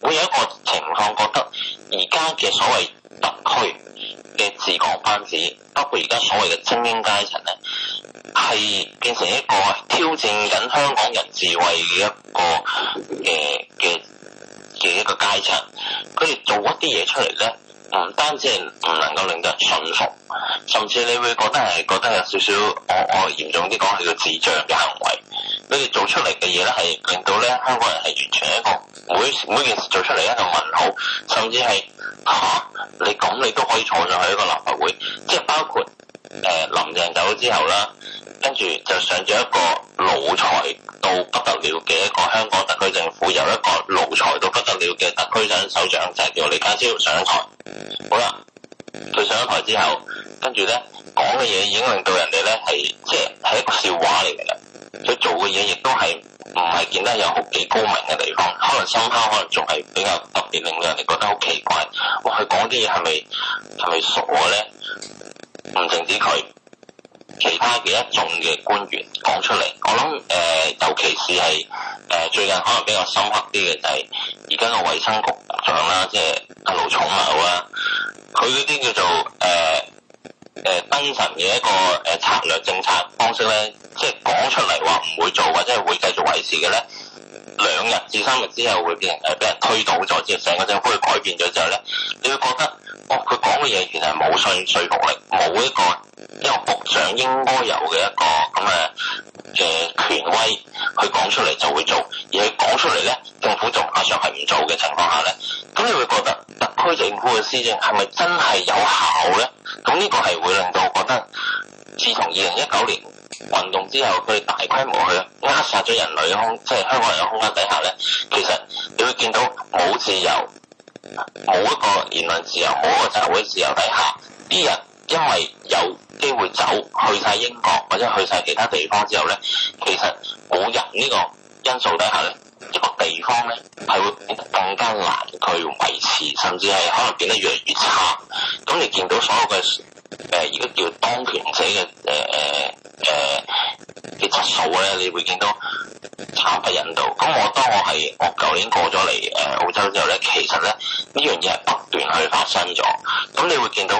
會有一個情況覺得而家嘅所謂特區。嘅治港班子，包括而家所謂嘅精英階層咧，係變成一個挑戰緊香港人智慧嘅一個嘅嘅嘅一個階層。佢哋做一啲嘢出嚟咧。唔單止係唔能夠令到人信服，甚至你會覺得係覺得有少少，我、哦、我、哦、嚴重啲講係個智障嘅行為，你哋做出嚟嘅嘢咧係令到咧香港人係完全係一個每每件事做出嚟一個問號，甚至係吓、啊，你咁你都可以坐上去一個立法會，即係包括誒、呃、林鄭走之後啦。跟住就上咗一個奴才到不得了嘅一個香港特區政府，由一個奴才到不得了嘅特區長首長就係叫李家超上台。好啦，佢上咗台之後，跟住咧講嘅嘢已經令到人哋咧係即係係一個笑話嚟嘅喇。佢做嘅嘢亦都係唔係見得有好幾高明嘅地方？可能深刻，可能仲係比較特別，令到人哋覺得好奇怪。佢講啲嘢係咪係咪傻咧？唔淨止佢。其他嘅一眾嘅官員講出嚟，我諗誒、呃，尤其是係誒、呃、最近可能比較深刻啲嘅，就係而家個衛生局，局長啦，即係阿盧寵茂啦，佢嗰啲叫做誒誒燈神嘅一個誒策略政策方式咧，即係講出嚟話唔會做，或者係會繼續維持嘅咧。兩日至三日之後會變成誒，俾、呃、人推倒咗，之後成個政府改變咗之後咧，你會覺得，哦，佢講嘅嘢原來冇信說服力，冇一個一個局長應該有嘅一個咁誒嘅權威去講出嚟就會做，而講出嚟咧，政府仲馬上係唔做嘅情況下咧，咁你會覺得特區政府嘅施政係咪真係有效咧？咁呢個係會令到覺得，自從二零一九年。運動之後，佢大規模去扼殺咗人類嘅空，即係香港人嘅空間底下咧，其實你會見到冇自由、冇一個言論自由、冇一個集會自由底下，啲人因為有機會走去晒英國或者去晒其他地方之後咧，其實冇人呢個因素底下咧，一個地方咧係會變得更加難去維持，甚至係可能變得越嚟越差。咁你見到所有嘅誒而家叫當權者嘅誒誒。呃誒嘅、呃、質素咧，你會見到慘不人道。咁我當我係我舊年過咗嚟誒澳洲之後咧，其實咧呢樣嘢係不斷去發生咗。咁你會見到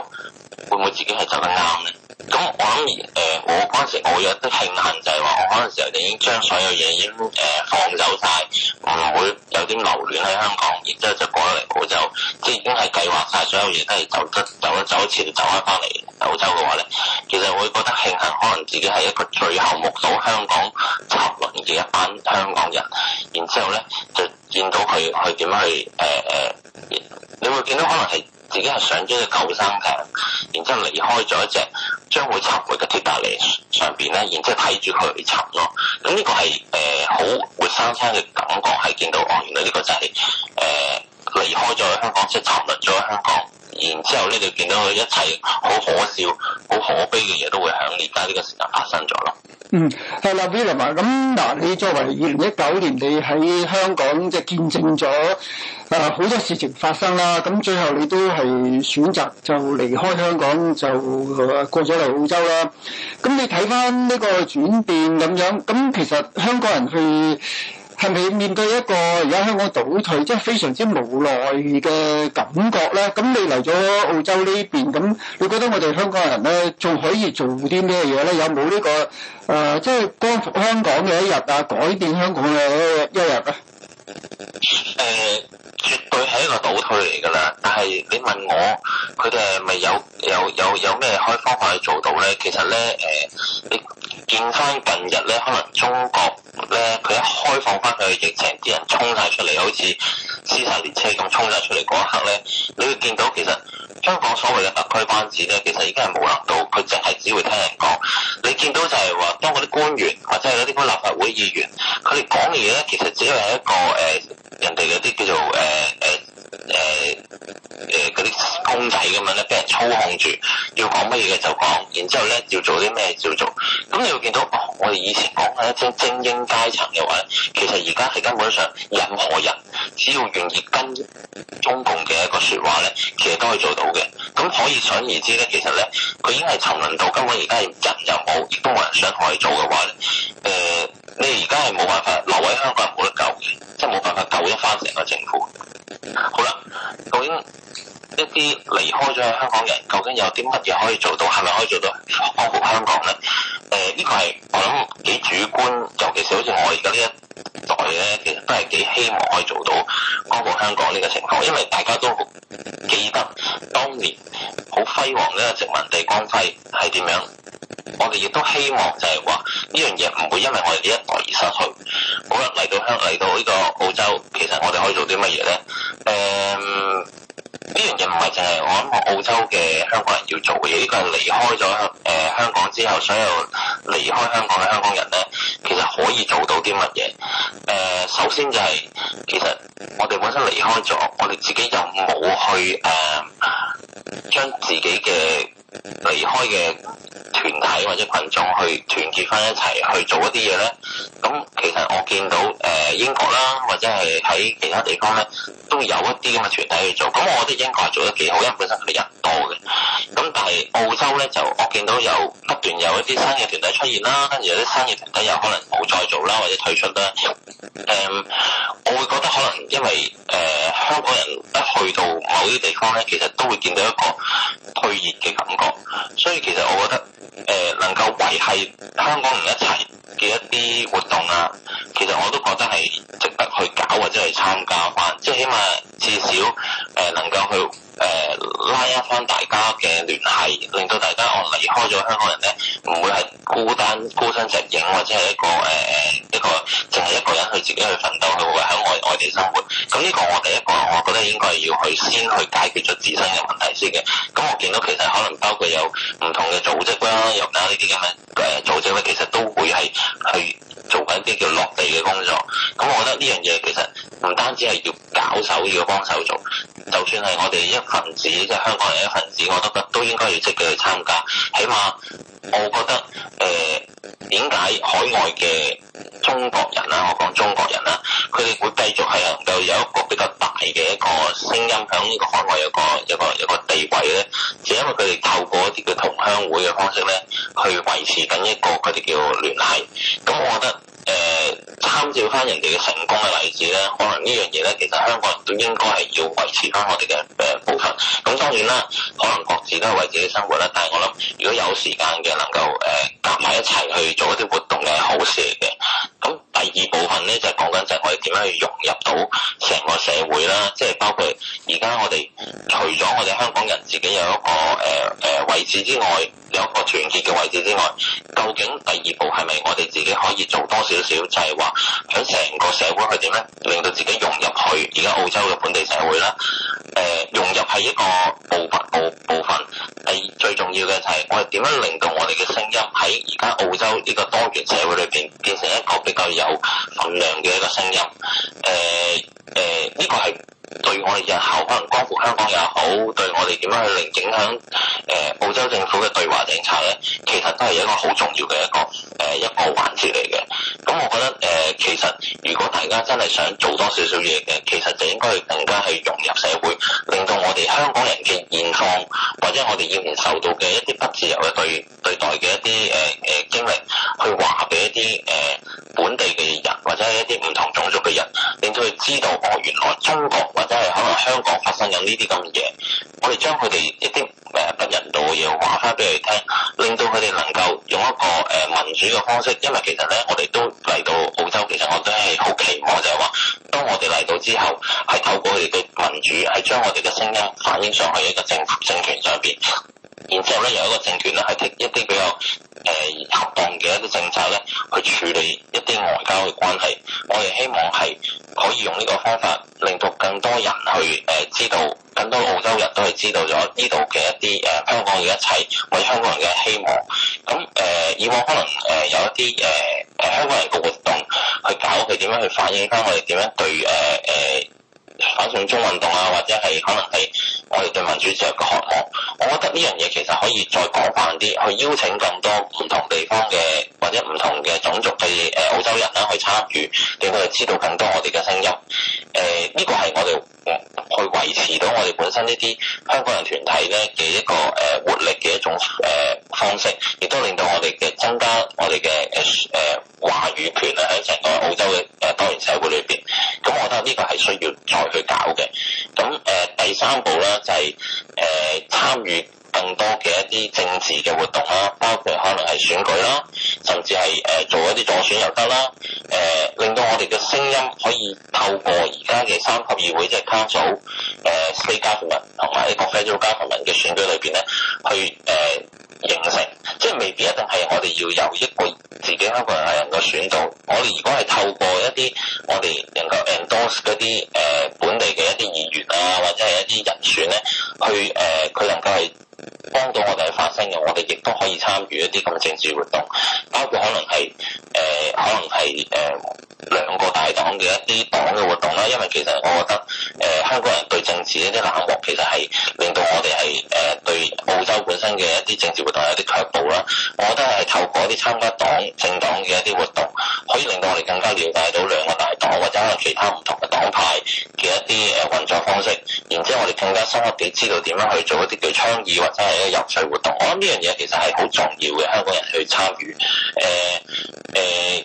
會唔會自己係走得啱咧？咁我諗，誒、呃，我嗰陣時我有啲慶幸就，就係話我嗰陣時候已經將所有嘢已經誒放走晒。唔會有啲留戀喺香港，然之後就過咗嚟澳洲，即係已經係計劃晒所有嘢，都係走得走一走潮，走開翻嚟澳洲嘅話咧，其實我會覺得慶幸，可能自己係一個最後目睹香港沉淪嘅一班香港人，然之後咧就見到佢去點樣去誒誒，你會見到可能係。自己係上咗隻救生艇，然之後離開咗一隻將會沉沒嘅鐵達尼上邊咧，然之後睇住佢嚟沉咯。咁呢個係誒好活生生嘅感覺，係見到哦，原來呢個就係誒離開咗香港，即係沉落咗香港。然之後咧，你見到佢一切好可笑、好可悲嘅嘢，都會喺而家呢個時間發生咗咯。嗯，係喇，咁嗱，William，你作為二零一九年，你喺香港即係見證咗誒好多事情發生啦。咁最後你都係選擇就離開香港，就過咗嚟澳洲啦。咁你睇翻呢個轉變咁樣，咁其實香港人去。係咪面對一個而家香港倒退，即係非常之無奈嘅感覺咧？咁你嚟咗澳洲呢邊，咁你覺得我哋香港人咧，仲可以做啲咩嘢咧？有冇呢個誒，即係光復香港嘅一日啊，改變香港嘅一日啊？誒、呃，絕對係一個倒退嚟噶啦。但係你問我，佢哋係咪有有有有咩開方法去做到咧？其實咧，誒、呃，你見翻近日咧，可能中國咧，佢一開放翻佢嘅疫情，啲人衝晒出嚟，好似屍殺列車咁衝晒出嚟嗰一刻咧，你會見到其實。香港所謂嘅特區班子咧，其實已經係冇能到，佢淨係只會聽人講。你見到就係話，當嗰啲官員或者係嗰啲立法會議員，佢哋講嘅嘢咧，其實只係一個誒、呃、人哋嗰啲叫做誒誒。呃呃誒誒，嗰啲，呃呃、公仔咁樣咧，俾人操控住，要講乜嘢嘅就講，然之後咧要做啲咩就做。咁你會見到、哦、我哋以前講係一啲精英階層嘅話，其實而家係根本上任何人只要願意跟中共嘅一個說話咧，其實都可以做到嘅。咁可以想而知咧，其實咧佢已經係沉淪到根本而家人又冇，亦都冇人想可以做嘅話咧，誒、呃，你而家係冇辦法，留喺香港係冇得救嘅，即係冇辦法救一翻成個政府。好啦，究竟一啲離開咗香港人，究竟有啲乜嘢可以做到，係咪可以做到安好香港咧？誒、呃，呢、這個係我諗幾主觀，尤其是好似我而家呢一。代咧，其實都係幾希望可以做到鞏固香港呢個情況，因為大家都好記得當年好輝煌呢個殖民地光輝係點樣。我哋亦都希望就係話呢樣嘢唔會因為我哋呢一代而失去。好啦，嚟到香嚟到呢個澳洲，其實我哋可以做啲乜嘢咧？誒，um。呢樣嘢唔係淨係我諗澳洲嘅香港人要做嘅嘢，呢、這個係離開咗誒、呃、香港之後所有離開香港嘅香港人咧，其實可以做到啲乜嘢？誒、呃、首先就係、是、其實我哋本身離開咗，我哋自己就冇去誒、呃、將自己嘅離開嘅團體或者群眾去團結翻一齊去做一啲嘢咧。咁、嗯、其實我見到誒、呃、英國啦，或者係喺其他地方咧，都有一啲咁嘅團體去做。咁、嗯、我哋。英國係做得幾好，因為本身佢哋人多嘅。咁但係澳洲咧，就我見到有不斷有一啲新嘅團體出現啦，跟住有啲新嘅團體有可能冇再做啦，或者退出啦。誒、um，我會覺得可能因為誒、呃、香港人一去到某啲地方咧，其實都會見到一個退熱嘅感覺。所以其實我覺得誒、呃、能夠維繫香港人一齊嘅一啲活動啊，其實我都覺得係值得去搞或者去參加翻，即係起碼至少誒、呃、能夠去。誒、呃、拉一翻大家嘅聯繫，令到大家我離開咗香港人咧，唔會係孤單、孤身隻影，或者係一個誒誒、呃、一個淨係一個人去自己去奮鬥，佢會喺外外地生活。咁呢個我哋一個，我覺得應該要去先去解決咗自身嘅問題先嘅。咁我見到其實可能包括有唔同嘅組織啦、啊，有啦呢啲咁嘅誒組織咧、啊，其實都會係去。做緊啲叫落地嘅工作，咁我覺得呢樣嘢其實唔單止係要搞手要幫手做，就算係我哋一份子，即係香港人一份子，我覺得都應該要積極去參加。起碼我覺得，誒點解海外嘅中國人啦，我講中國人啦，佢哋會繼續係能夠有一個比較大嘅一個聲音響呢個海外有個有個有個地位咧，就因為佢哋透過一啲嘅同鄉會嘅方式咧，去維持緊一個佢哋叫聯繫。咁我覺得。誒，參、呃、照翻人哋嘅成功嘅例子咧，可能呢樣嘢咧，其實香港人都應該係要維持翻我哋嘅誒部分。咁當然啦，可能各自都係為自己生活啦。但係我諗，如果有時間嘅能夠誒夾埋一齊去做一啲活動嘅，好事嘅。咁。第二部分咧就係講緊就係我哋點樣去融入到成個社會啦，即係包括而家我哋除咗我哋香港人自己有一個誒誒位置之外，有一個團結嘅位置之外，究竟第二步係咪我哋自己可以做多少少？就係話響成個社會去點咧，令到自己融入去而家澳洲嘅本地社會啦。誒融入係一個部分部部分，第二最重要嘅就係我哋點樣令到我哋嘅聲音喺而家澳洲呢個多元社會裏邊變成一個比較有。份量嘅一個聲音，誒誒，呢個係。對我哋日後可能光復香港也好，對我哋點樣去令影響誒澳洲政府嘅對華政策咧，其實都係一個好重要嘅一個誒一個環節嚟嘅。咁我覺得誒、呃，其實如果大家真係想做多少少嘢嘅，其實就應該更加去融入社會，令到我哋香港人嘅現況，或者我哋以前受到嘅一啲不自由嘅對對待嘅一啲誒誒經歷，去話畀一啲誒、呃、本地嘅人，或者一啲唔同種族嘅人，令到佢知道我、哦、原來中國。或者係可能香港發生緊呢啲咁嘅嘢，我哋將佢哋一啲誒不人道嘅嘢話翻俾佢哋聽，令到佢哋能夠用一個誒民主嘅方式。因為其實咧，我哋都嚟到澳洲，其實我都係好期望就係話，當我哋嚟到之後，係透過佢哋嘅民主，係將我哋嘅聲音反映上去一個政政權上面。然之後咧，由一個政權咧，係一啲比較誒、呃、合當嘅一啲政策咧，去處理一啲外交嘅關係。我哋希望係可以用呢個方法，令到更多人去誒、呃、知道，更多澳洲人都係知道咗呢度嘅一啲誒、呃、香港嘅一切，我哋香港人嘅希望。咁誒、呃，以往可能誒、呃、有一啲誒誒香港人嘅活動，去搞佢點樣去反映翻我哋點樣對誒誒。呃呃反送中運動啊，或者係可能係我哋對民主自由嘅渴望，我覺得呢樣嘢其實可以再廣泛啲，去邀請更多唔同地方嘅或者唔同嘅種族嘅誒、呃、澳洲人啦、啊、去參與，令佢哋知道更多我哋嘅聲音。誒、呃，呢、呢個係我哋去維持到我哋本身呢啲香港人團體咧嘅一個誒活力嘅一種誒、呃、方式，亦都令到我哋嘅增加我哋嘅誒。呃呃話語權咧，喺成個澳洲嘅誒、呃、多元社會裏邊，咁我覺得呢個係需要再去搞嘅。咁誒、呃、第三步咧就係、是、誒、呃、參與更多嘅一啲政治嘅活動啦，包括可能係選舉啦，甚至係誒、呃、做一啲助選又得啦。誒、呃、令到我哋嘅聲音可以透過而家嘅三級議會，即係卡組誒 state government 同埋一個 federal government 嘅選舉裏邊咧，去誒。呃形成，即係未必一定係我哋要有一個自己一個人能夠選到。我哋如果係透過一啲我哋能夠 endorse 嗰啲誒、呃、本地嘅一啲議員啊，或者係一啲人選咧，去誒佢能夠係幫到我哋發聲嘅，我哋亦都可以參與一啲咁嘅政治活動，包括可能係誒、呃、可能係誒。呃兩個大黨嘅一啲黨嘅活動啦，因為其實我覺得，誒、呃、香港人對政治一啲冷漠，其實係令到我哋係誒對澳洲本身嘅一啲政治活動有啲卻步啦。我覺得係透過一啲參加黨政黨嘅一啲活動，可以令到我哋更加瞭解到兩個大黨或者係其他唔同嘅黨派嘅一啲誒運作方式，然之後我哋更加深刻地知道點樣去做一啲叫倡議或者係一啲遊說活動。我諗呢樣嘢其實係好重要嘅，香港人去參與，誒、呃、誒。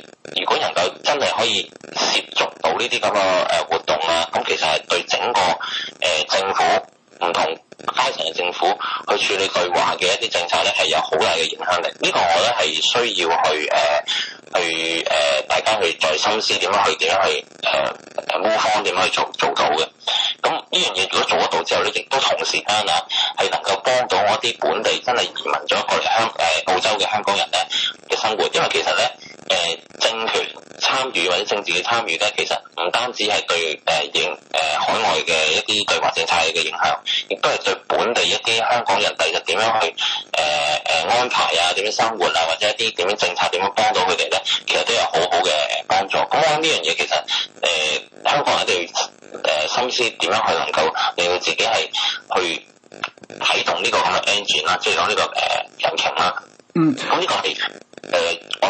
呃如果能夠真係可以涉足到呢啲咁嘅誒活動啊，咁其實係對整個誒、呃、政府唔同階層嘅政府去處理佢話嘅一啲政策咧，係有好大嘅影響力。呢個我覺得係需要去誒。呃去誒、呃，大家去再深思點樣去點樣去誒烏方點樣去做做到嘅。咁呢樣嘢如果做得到之後，咧，亦都同時咧啊，係能夠幫到一啲本地真係移民咗過嚟香誒澳洲嘅香港人咧嘅生活，因為其實咧誒、呃、政權參與或者政治嘅參與咧，其實唔單止係對誒影誒海外嘅一啲對華政策嘅影響，亦都係對本地一啲香港人第日點樣去誒誒、呃呃、安排啊，點樣生活啊，或者一啲點樣政策點樣幫到佢哋咧。其實都有好好嘅幫助。咁我諗呢樣嘢其實誒、呃、香港人一定要誒、呃、心思點樣去能夠令到自己係去啟動呢個咁嘅 engine 啦，即係講呢個誒引擎啦。就是這個呃、擎嗯。咁呢個係。誒、呃，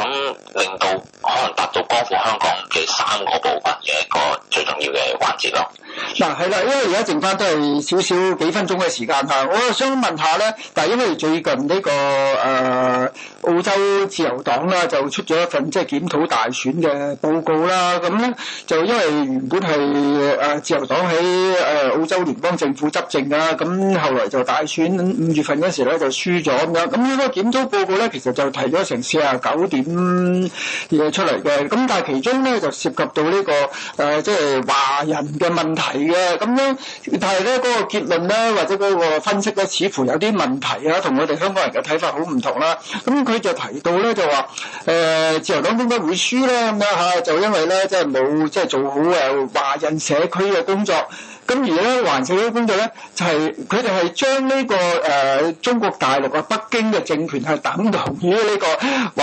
我諗令到可能達到光復香港嘅三個部分嘅一個最重要嘅環節咯。嗱係啦，因為而家剩翻都係少少幾分鐘嘅時間嚇，我想問下咧，但係因為最近呢、這個誒、呃、澳洲自由黨啦，就出咗一份即係檢討大選嘅報告啦，咁咧就因為原本係誒自由黨喺誒澳洲聯邦政府執政啊，咁後來就大選五月份嗰時咧就輸咗咁樣，咁呢個檢討報告咧，其實就提咗成，啊，九點嘢出嚟嘅，咁但係其中咧就涉及到呢、這個誒，即、呃、係、就是、華人嘅問題嘅，咁樣，但係咧嗰個結論咧，或者嗰個分析咧，似乎有啲問題啊，同我哋香港人嘅睇法好唔同啦、啊。咁、嗯、佢就提到咧，就話誒、呃，自由黨點解會輸咧？咁樣吓，就因為咧，即係冇即係做好誒華人社區嘅工作。咁而咧，華社工作者咧，就係佢哋係將呢個誒、呃、中國大陸啊，北京嘅政權係等同於呢個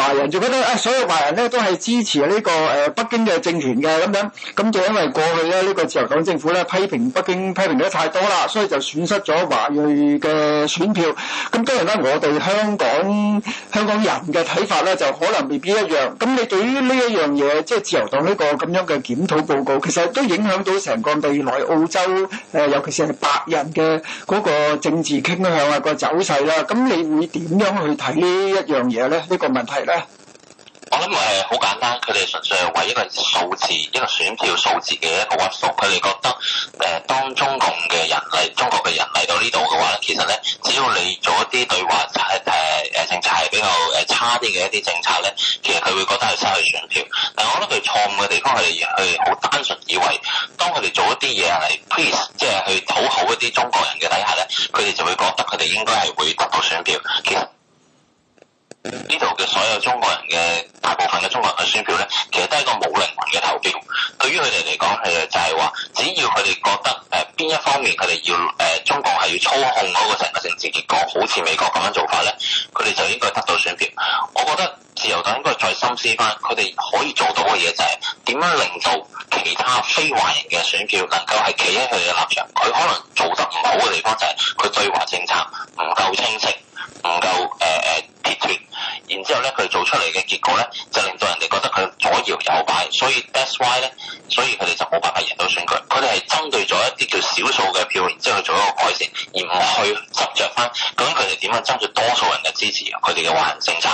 華人，就覺得啊、哎，所有華人咧都係支持呢、這個誒、呃、北京嘅政權嘅咁樣。咁就因為過去咧，呢、這個自由黨政府咧批評北京批評得太多啦，所以就損失咗華裔嘅選票。咁當然啦，我哋香港香港人嘅睇法咧，就可能未必一樣。咁你對於呢一樣嘢，即、就、係、是、自由黨呢個咁樣嘅檢討報告，其實都影響到成個未來澳洲。誒，尤其是係白人嘅嗰個政治傾向啊，個走勢啦，咁你會點樣去睇呢一樣嘢咧？呢個問題咧？咁誒好簡單，佢哋純粹係為一個數字，一個選票數字嘅一個屈服。佢哋覺得誒、呃、當中共嘅人嚟，中國嘅人嚟到呢度嘅話咧，其實咧，只要你做一啲對華，誒誒政策係比較誒差啲嘅一啲政策咧，其實佢會覺得係失去選票。但係我覺得佢錯誤嘅地方係去好單純以為，當佢哋做一啲嘢嚟 please，即係去討好一啲中國人嘅底下咧，佢哋就會覺得佢哋應該係會得到選票。其實。呢度嘅所有中國人嘅大部分嘅中國人選票咧，其實都係一個冇靈魂嘅投票。對於佢哋嚟講，係就係話，只要佢哋覺得誒邊、呃、一方面佢哋要誒、呃、中國係要操控嗰個成個政治結果，好似美國咁樣做法咧，佢哋就應該得到選票。我覺得自由黨應該再深思翻，佢哋可以做到嘅嘢就係、是、點樣令到其他非華人嘅選票能夠係企喺佢哋嘅立場。佢可能做得唔好嘅地方就係、是、佢對華政策唔夠清晰，唔夠誒誒撇脫。呃然之後咧，佢做出嚟嘅結果咧，就令到人哋覺得佢左搖右擺，所以 S Y 咧，所以佢哋就冇辦法贏到選舉。佢哋係針對咗一啲叫少數嘅票，然之後去做一個改善，而唔去執着翻究竟佢哋點樣爭取多數人嘅支持。佢哋嘅環境政策，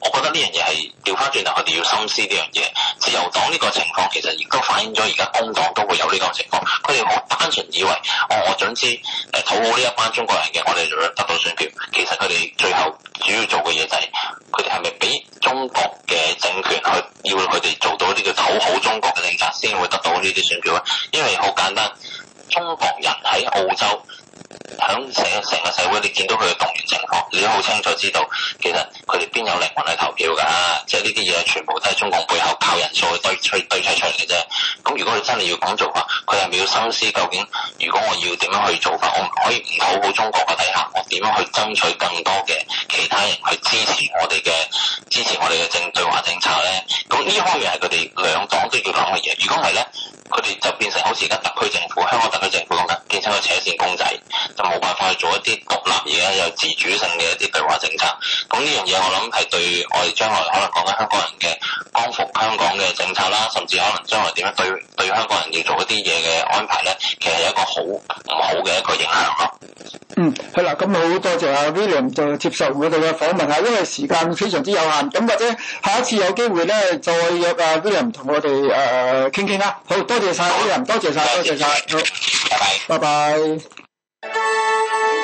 我覺得呢樣嘢係調翻轉頭，佢哋要深思呢樣嘢。自由黨呢個情況其實亦都反映咗而家工黨都會有呢個情況。佢哋好單純以為、哦、我我總之誒討好呢一班中國人嘅，我哋就得到選票。其實佢哋最後主要做嘅嘢就係、是。佢哋係咪俾中國嘅政權去要佢哋做到呢啲叫討好中國嘅政策，先會得到呢啲選票啊？因為好簡單，中國人喺澳洲。響成個成個社會，你見到佢嘅動員情況，你都好清楚知道，其實佢哋邊有靈魂去投票噶？即係呢啲嘢全部都係中共背後靠人數去堆出堆出出嚟嘅啫。咁如果佢真係要講做法，佢係咪要深思究竟？如果我要點樣去做法？我唔可以唔討好中國嘅底下，我點樣去爭取更多嘅其他人去支持我哋嘅支持我哋嘅政對華政策咧？咁呢方面係佢哋兩黨都要諗嘅嘢。如果係咧，佢哋就變成好似而家特區政府，香港特區政府咁樣變成個扯線公仔，就冇辦法去做一啲獨立嘢啊，有自主性嘅一啲對話政策。咁呢樣嘢我諗係對我哋將來可能講緊香港人嘅光復香港嘅政策啦，甚至可能將來點樣對對香港人要做一啲嘢嘅安排咧，其實有一個好唔好嘅一個影響咯。嗯，係啦，咁好多謝阿 William 就接受我哋嘅訪問嚇，因為時間非常之有限，咁或者下一次有機會咧，再約阿 William 同我哋誒傾傾啦。好多多謝晒，多謝晒，多謝晒，拜拜。拜拜。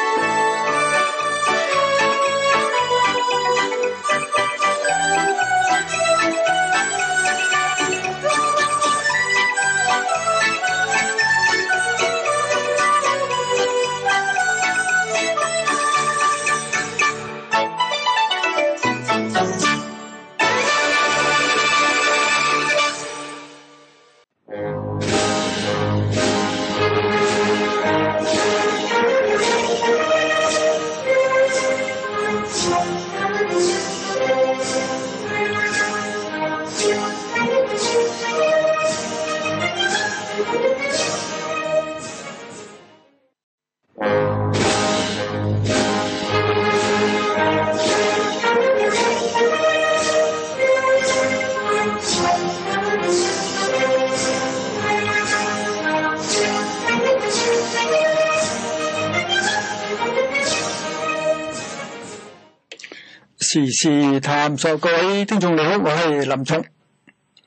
時事探索，各位聽眾你好，我係林卓。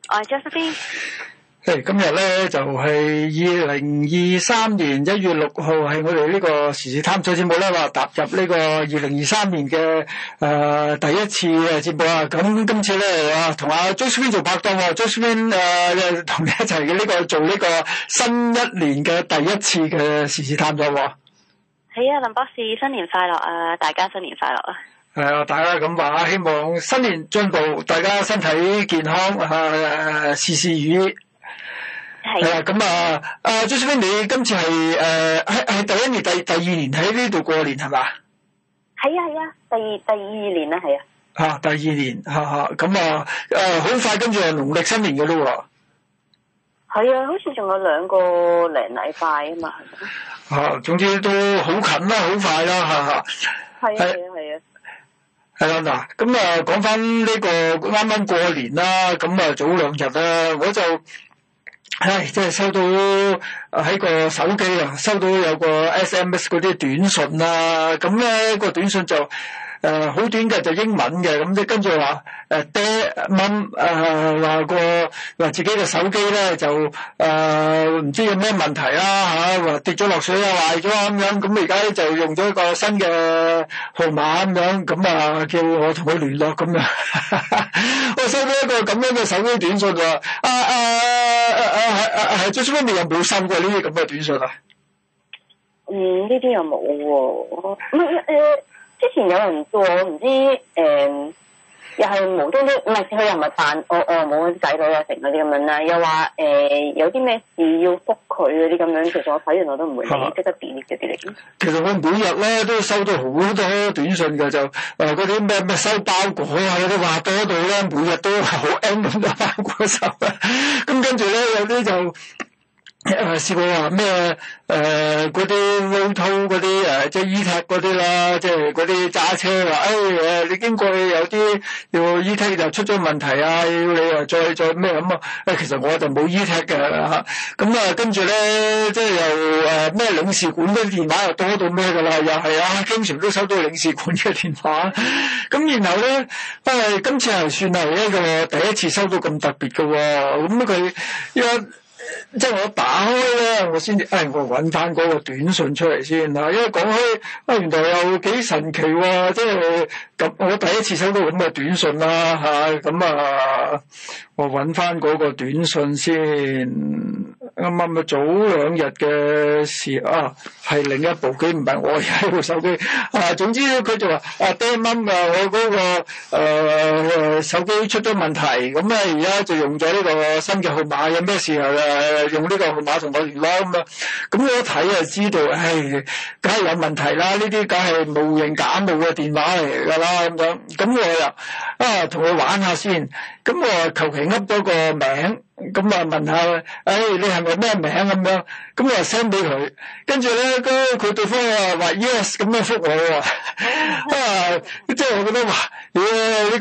係，Josephine。係、hey，今、就是、日咧就係二零二三年一月六號，係我哋呢個時事探索節目啦。話踏入呢個二零二三年嘅誒、呃、第一次嘅節目啊。咁今次咧啊同阿 Josephine 做拍檔喎，Josephine 誒同你一齊嘅呢個做呢個新一年嘅第一次嘅時事探索。係啊，林博士，新年快樂啊！大家新年快樂啊！誒，大家咁話，希望新年進步，大家身體健康，吓事事如意。係啊，咁啊，阿朱、啊啊、你今次係誒係係第一年、第二年年、啊啊、第二、第二年喺呢度過年係嘛？係啊係啊，第第二年啦，係啊。吓，第二年，吓吓，咁啊，誒、啊，好、啊、快，跟住係農曆新年嘅咯。係啊，好似仲有兩個零禮拜啊嘛。吓、啊啊，總之都好近啦，好快啦，吓吓。係啊，係啊，係啊。係啦，嗱、嗯，咁啊，這個，講翻呢個啱啱過年啦，咁，嗯、啊早兩日啊，我就，唉，即係收到喺個手機啊，收到有個 SMS 嗰啲短信啦，咁，嗯、咧、那個短信就。誒好短嘅，就英文嘅，咁即跟住話誒，爹媽，誒話個話自己嘅手機咧，就誒唔知有咩問題啦，嚇，話跌咗落水啊，壞咗啊，咁樣咁，而家咧，就用咗一個新嘅號碼，咁樣咁，啊叫我同佢聯絡，咁樣。我收到一個咁樣嘅手機短信嘅。啊、啊、啊、啊，係，啊係最最尾，邊有冇新嘅呢啲咁嘅短信啊？嗯呢啲又冇喎，唔誒。之前有人叫我唔知誒、嗯，又係無端端端，唔係佢又唔係扮我，我又冇嗰啲仔女啊，成嗰啲咁樣啦，又話誒、呃、有啲咩事要復佢嗰啲咁樣，其實我睇完我都唔會理，啊、即係得點嘅啲嚟。其實我每日咧都收到好多短信嘅，就誒嗰啲咩咩收包裹啊，有啲話多到咧，每日都好 M 咁多包裹收啊，咁跟住咧有啲就。誒試過話咩誒嗰啲 road toll 嗰啲誒即係 E-TAX 嗰啲啦，即係嗰啲揸車話誒誒，你經過有啲要 E-TAX 就出咗問題啊，要你又再再咩咁啊？誒、嗯哎，其實我就冇 E-TAX 嘅吓咁啊，跟住咧咧又誒咩、呃、領事館啲電話又多到咩㗎啦？又係啊，經常都收到領事館嘅電話。咁、 嗯、然後咧，不、哎、過今次係算係一個第一次收到咁特別嘅喎。咁佢因為即係我打開咧，我先至誒，我搵翻嗰個短信出嚟先吓。因為講開啊，原來又幾神奇喎、啊！即係咁，我第一次收到咁嘅短信啦、啊、吓。咁、哎、啊，我搵翻嗰個短信先。啱啱咪早兩日嘅事啊，係另一部機唔係，我係呢部手機啊。總之佢就話啊，爹哋啊，我嗰、嗰個、呃、手機出咗問題，咁啊而家就用咗呢個新嘅號碼，有咩事啊用呢個號碼同我聯絡咁啊。咁我一睇就知道，唉、哎，梗係有問題啦，呢啲梗係冒認假冒嘅電話嚟㗎啦咁樣。咁我又啊同佢玩下先，咁我求其噏多個名。咁啊，問下，誒、哎，你係咪咩名咁樣？咁我 send 俾佢，跟住咧，佢對方話話 yes 咁樣覆我喎，啊， 即係我覺得哇，呢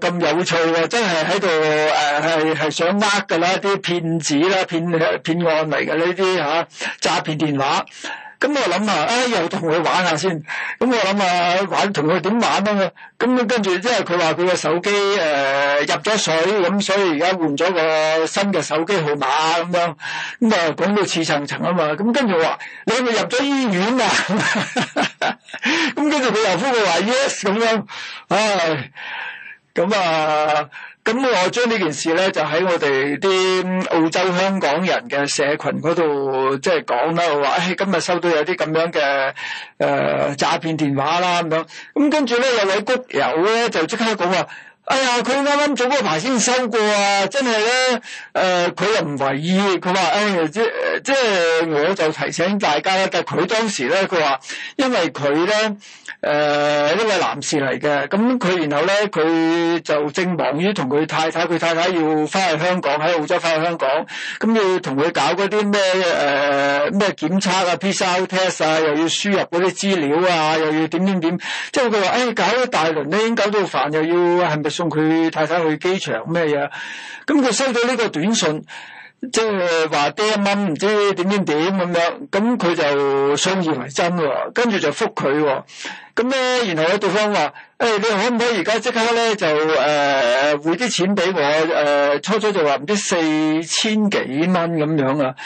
個咁有趣喎，真係喺度誒係係想 mark 㗎啦，啲騙子啦，騙騙案嚟嘅呢啲嚇，詐騙電話。咁我諗啊，唉，又同佢玩下先。咁我諗啊，玩同佢點玩啊嘛。咁跟住，即係佢話佢個手機誒入咗水，咁所以而家換咗個新嘅手機號碼咁樣。咁啊，講到似層層啊嘛。咁跟住我話，你係咪入咗醫院啊？咁跟住佢又覆我話 yes 咁樣。唉，咁啊～咁我將呢件事咧就喺我哋啲澳洲香港人嘅社群嗰度即係講啦，話誒、哎、今日收到有啲咁樣嘅誒、呃、詐騙電話啦咁樣，咁跟住咧有位谷友咧就即刻講話，哎呀佢啱啱早嗰排先收過啊，真係咧誒佢又唔為意，佢話誒即即係我就提醒大家啦，但係佢當時咧佢話因為佢咧。誒，呢個、呃、男士嚟嘅，咁佢然後咧，佢就正忙於同佢太太，佢太太要翻去香港，喺澳洲翻去香港，咁要同佢搞嗰啲咩誒咩檢測啊，PCR test 啊，又要輸入嗰啲資料啊，又要點點點，即係佢話哎搞一大輪咧，你已經搞到煩，又要係咪送佢太太去機場咩嘢？咁佢收到呢個短信，即係話爹一蚊唔知點點點咁樣，咁佢就信以為真喎、啊，跟住就復佢喎。咁咧、嗯，然後咧，對方話：誒、哎，你可唔可以而家即刻咧就誒匯啲錢俾我？誒、呃，初初就話唔知四千幾蚊咁樣啊。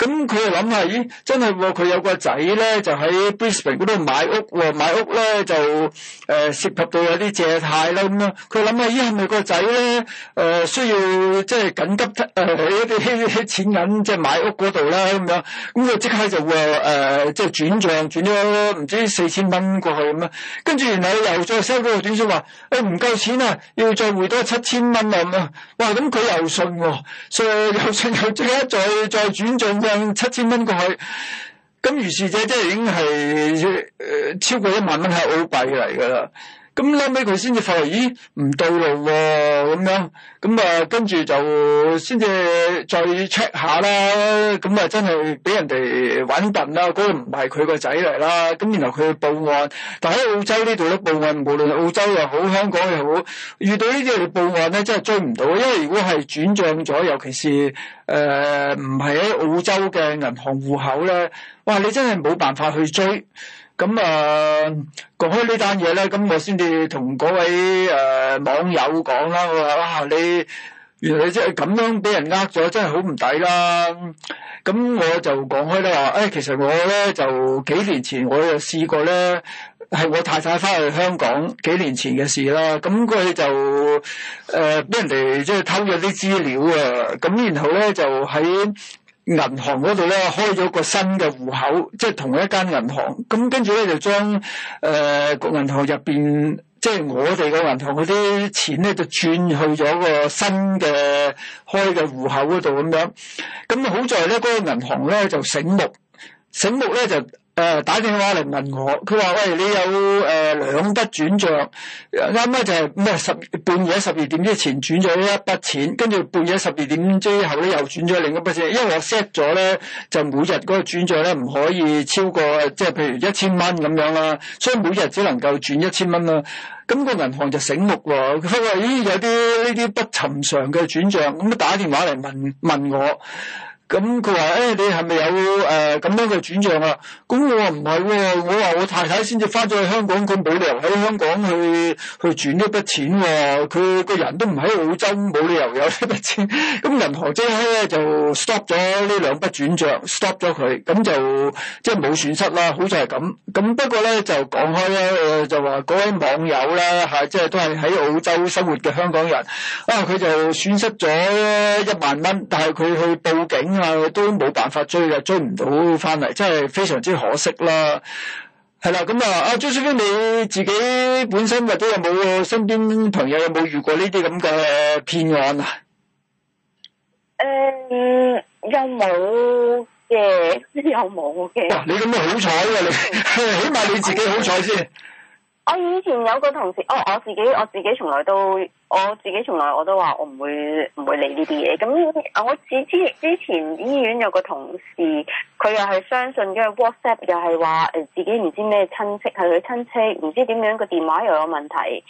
咁佢就諗下，咦，真係喎！佢有個仔咧，就喺 Brisbane 嗰度買屋喎，買屋咧就誒、呃、涉及到有啲借貸啦咁樣。佢諗下，咦係咪個仔咧誒需要即係緊急誒、呃、一啲錢銀即係買屋嗰度啦咁樣？咁佢即刻就會誒、呃、即係轉帳轉咗唔知四千蚊過去咁啦。跟住然後又再收個短信話：誒、哦、唔夠錢啊，要再匯多七千蚊啦咁啊！哇！咁佢又信喎，又信又即刻再再轉帳七千蚊過去，咁如是者即係已經係誒超過一萬蚊喺澳幣嚟噶啦。咁後尾佢先至發覺，咦？唔對路喎，咁樣咁啊，跟住就先至再 check 下啦。咁啊，真係俾人哋搵笨啦，嗰個唔係佢個仔嚟啦。咁然後佢去報案，但喺澳洲呢度咧報案，無論澳洲又好，香港又好，遇到呢啲嚟報案咧，真係追唔到，因為如果係轉賬咗，尤其是誒唔係喺澳洲嘅銀行戶口咧，哇！你真係冇辦法去追。咁啊、嗯，講開呢單嘢咧，咁、嗯、我先至同嗰位誒、呃、網友講啦。我話：哇，你原來你即係咁樣俾人呃咗，真係好唔抵啦！咁、嗯、我就講開咧話，誒、哎，其實我咧就幾年前我又試過咧，係我太太翻去香港幾年前嘅事啦。咁、嗯、佢就誒俾、呃、人哋即係偷咗啲資料啊！咁、嗯、然後咧就喺銀行嗰度咧開咗個新嘅戶口，即係同一間銀行，咁跟住咧就將誒個銀行入邊，即係我哋個銀行嗰啲錢咧就轉去咗個新嘅開嘅戶口嗰度咁樣。咁好在咧，嗰個銀行咧就醒目，醒目咧就。誒、呃、打電話嚟問我，佢話：喂，你有誒、呃、兩筆轉賬，啱、嗯、啱就係、是、咩十半夜十二點之前轉咗呢一筆錢，跟住半夜十二點之後咧又轉咗另一筆錢。因為我 set 咗咧，就每日嗰個轉賬咧唔可以超過，即、就、係、是、譬如一千蚊咁樣啦，所以每日只能夠轉一千蚊啦。咁、嗯、個銀行就醒目喎，佢話：咦、哎，有啲呢啲不尋常嘅轉賬，咁、嗯、都打電話嚟問問我。咁佢話誒你係咪有誒咁、呃、樣嘅轉賬啊？咁我話唔係喎，我話我太太先至翻咗去香港，冇理由喺香港去去轉一筆錢喎、啊。佢個人都唔喺澳洲，冇理由有呢筆錢，咁銀行咧就 stop 咗呢兩筆轉賬 stop 咗佢，咁就即係冇損失啦，好似係咁。咁不過咧就講開咧，就話嗰、呃、位網友咧吓即係都係喺澳洲生活嘅香港人，啊佢就損失咗一萬蚊，但係佢去報警。都冇辦法追啊，追唔到翻嚟，真係非常之可惜啦。係啦，咁啊，阿朱小姐你自己本身或者有冇身邊朋友有冇遇過呢啲咁嘅騙案啊？誒，又冇嘅？又冇嘅？哇！你咁樣好彩啊你，起碼你自己好彩先。我以前有個同事，我我自己我自己從來都。我自己從來我都話我唔會唔會理呢啲嘢，咁我只知之前醫院有個同事，佢又係相信嘅 WhatsApp，又係話誒自己唔知咩親戚係佢親戚，唔知點樣個電話又有問題，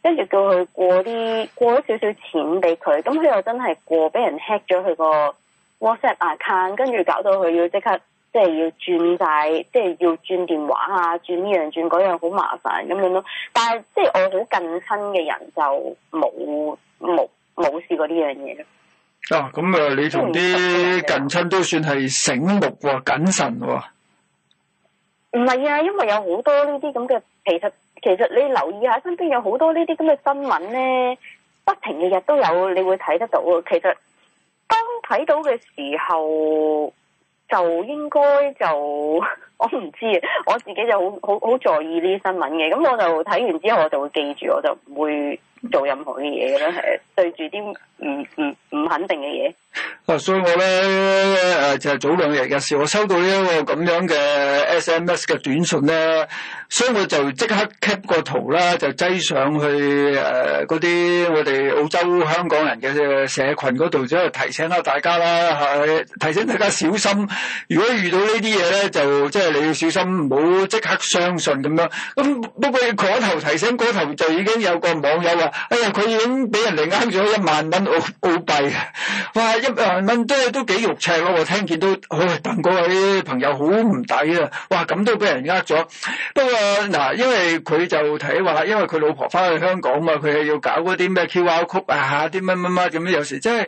跟住叫佢過啲過咗少少錢俾佢，咁佢又真係過，俾人 hack 咗佢個 WhatsApp account，跟住搞到佢要即刻。即係要轉晒，即係要轉電話啊，轉呢樣轉嗰樣，好麻煩咁樣咯。但係即係我好近親嘅人就冇冇冇試過呢樣嘢咯。啊，咁、嗯嗯、啊，你同啲近親都算係醒目謹慎喎、啊。唔係啊，因為有好多呢啲咁嘅，其實其實你留意下身邊有好多這這呢啲咁嘅新聞咧，不停嘅日都有，你會睇得到。其實當睇到嘅時候。就應該就我唔知啊，我自己就好好好在意呢啲新聞嘅，咁我就睇完之後我就會記住，我就唔會做任何嘅嘢咯，係對住啲唔唔唔肯定嘅嘢。啊，所以我咧誒、啊、就係早兩日嘅事，我收到呢個咁樣嘅 SMS 嘅短信咧，所以我就即刻 Keep 個圖啦，就擠上去誒嗰啲我哋澳洲香港人嘅社群嗰度，就提醒下大家啦吓、啊，提醒大家小心，如果遇到呢啲嘢咧，就即係、就是、你要小心，唔好即刻相信咁樣。咁不過嗰頭提醒嗰、那個、頭就已經有個網友話，哎呀，佢已經俾人哋呃咗一萬蚊澳幣，哇問、嗯、都都幾肉赤咯！我聽見都，哇！但嗰位朋友好唔抵啊！哇！咁都俾人呃咗。不過嗱、啊，因為佢就睇話，因為佢老婆翻去香港嘛，佢係要搞嗰啲咩 QR code 啊，啲乜乜乜咁樣。有時即係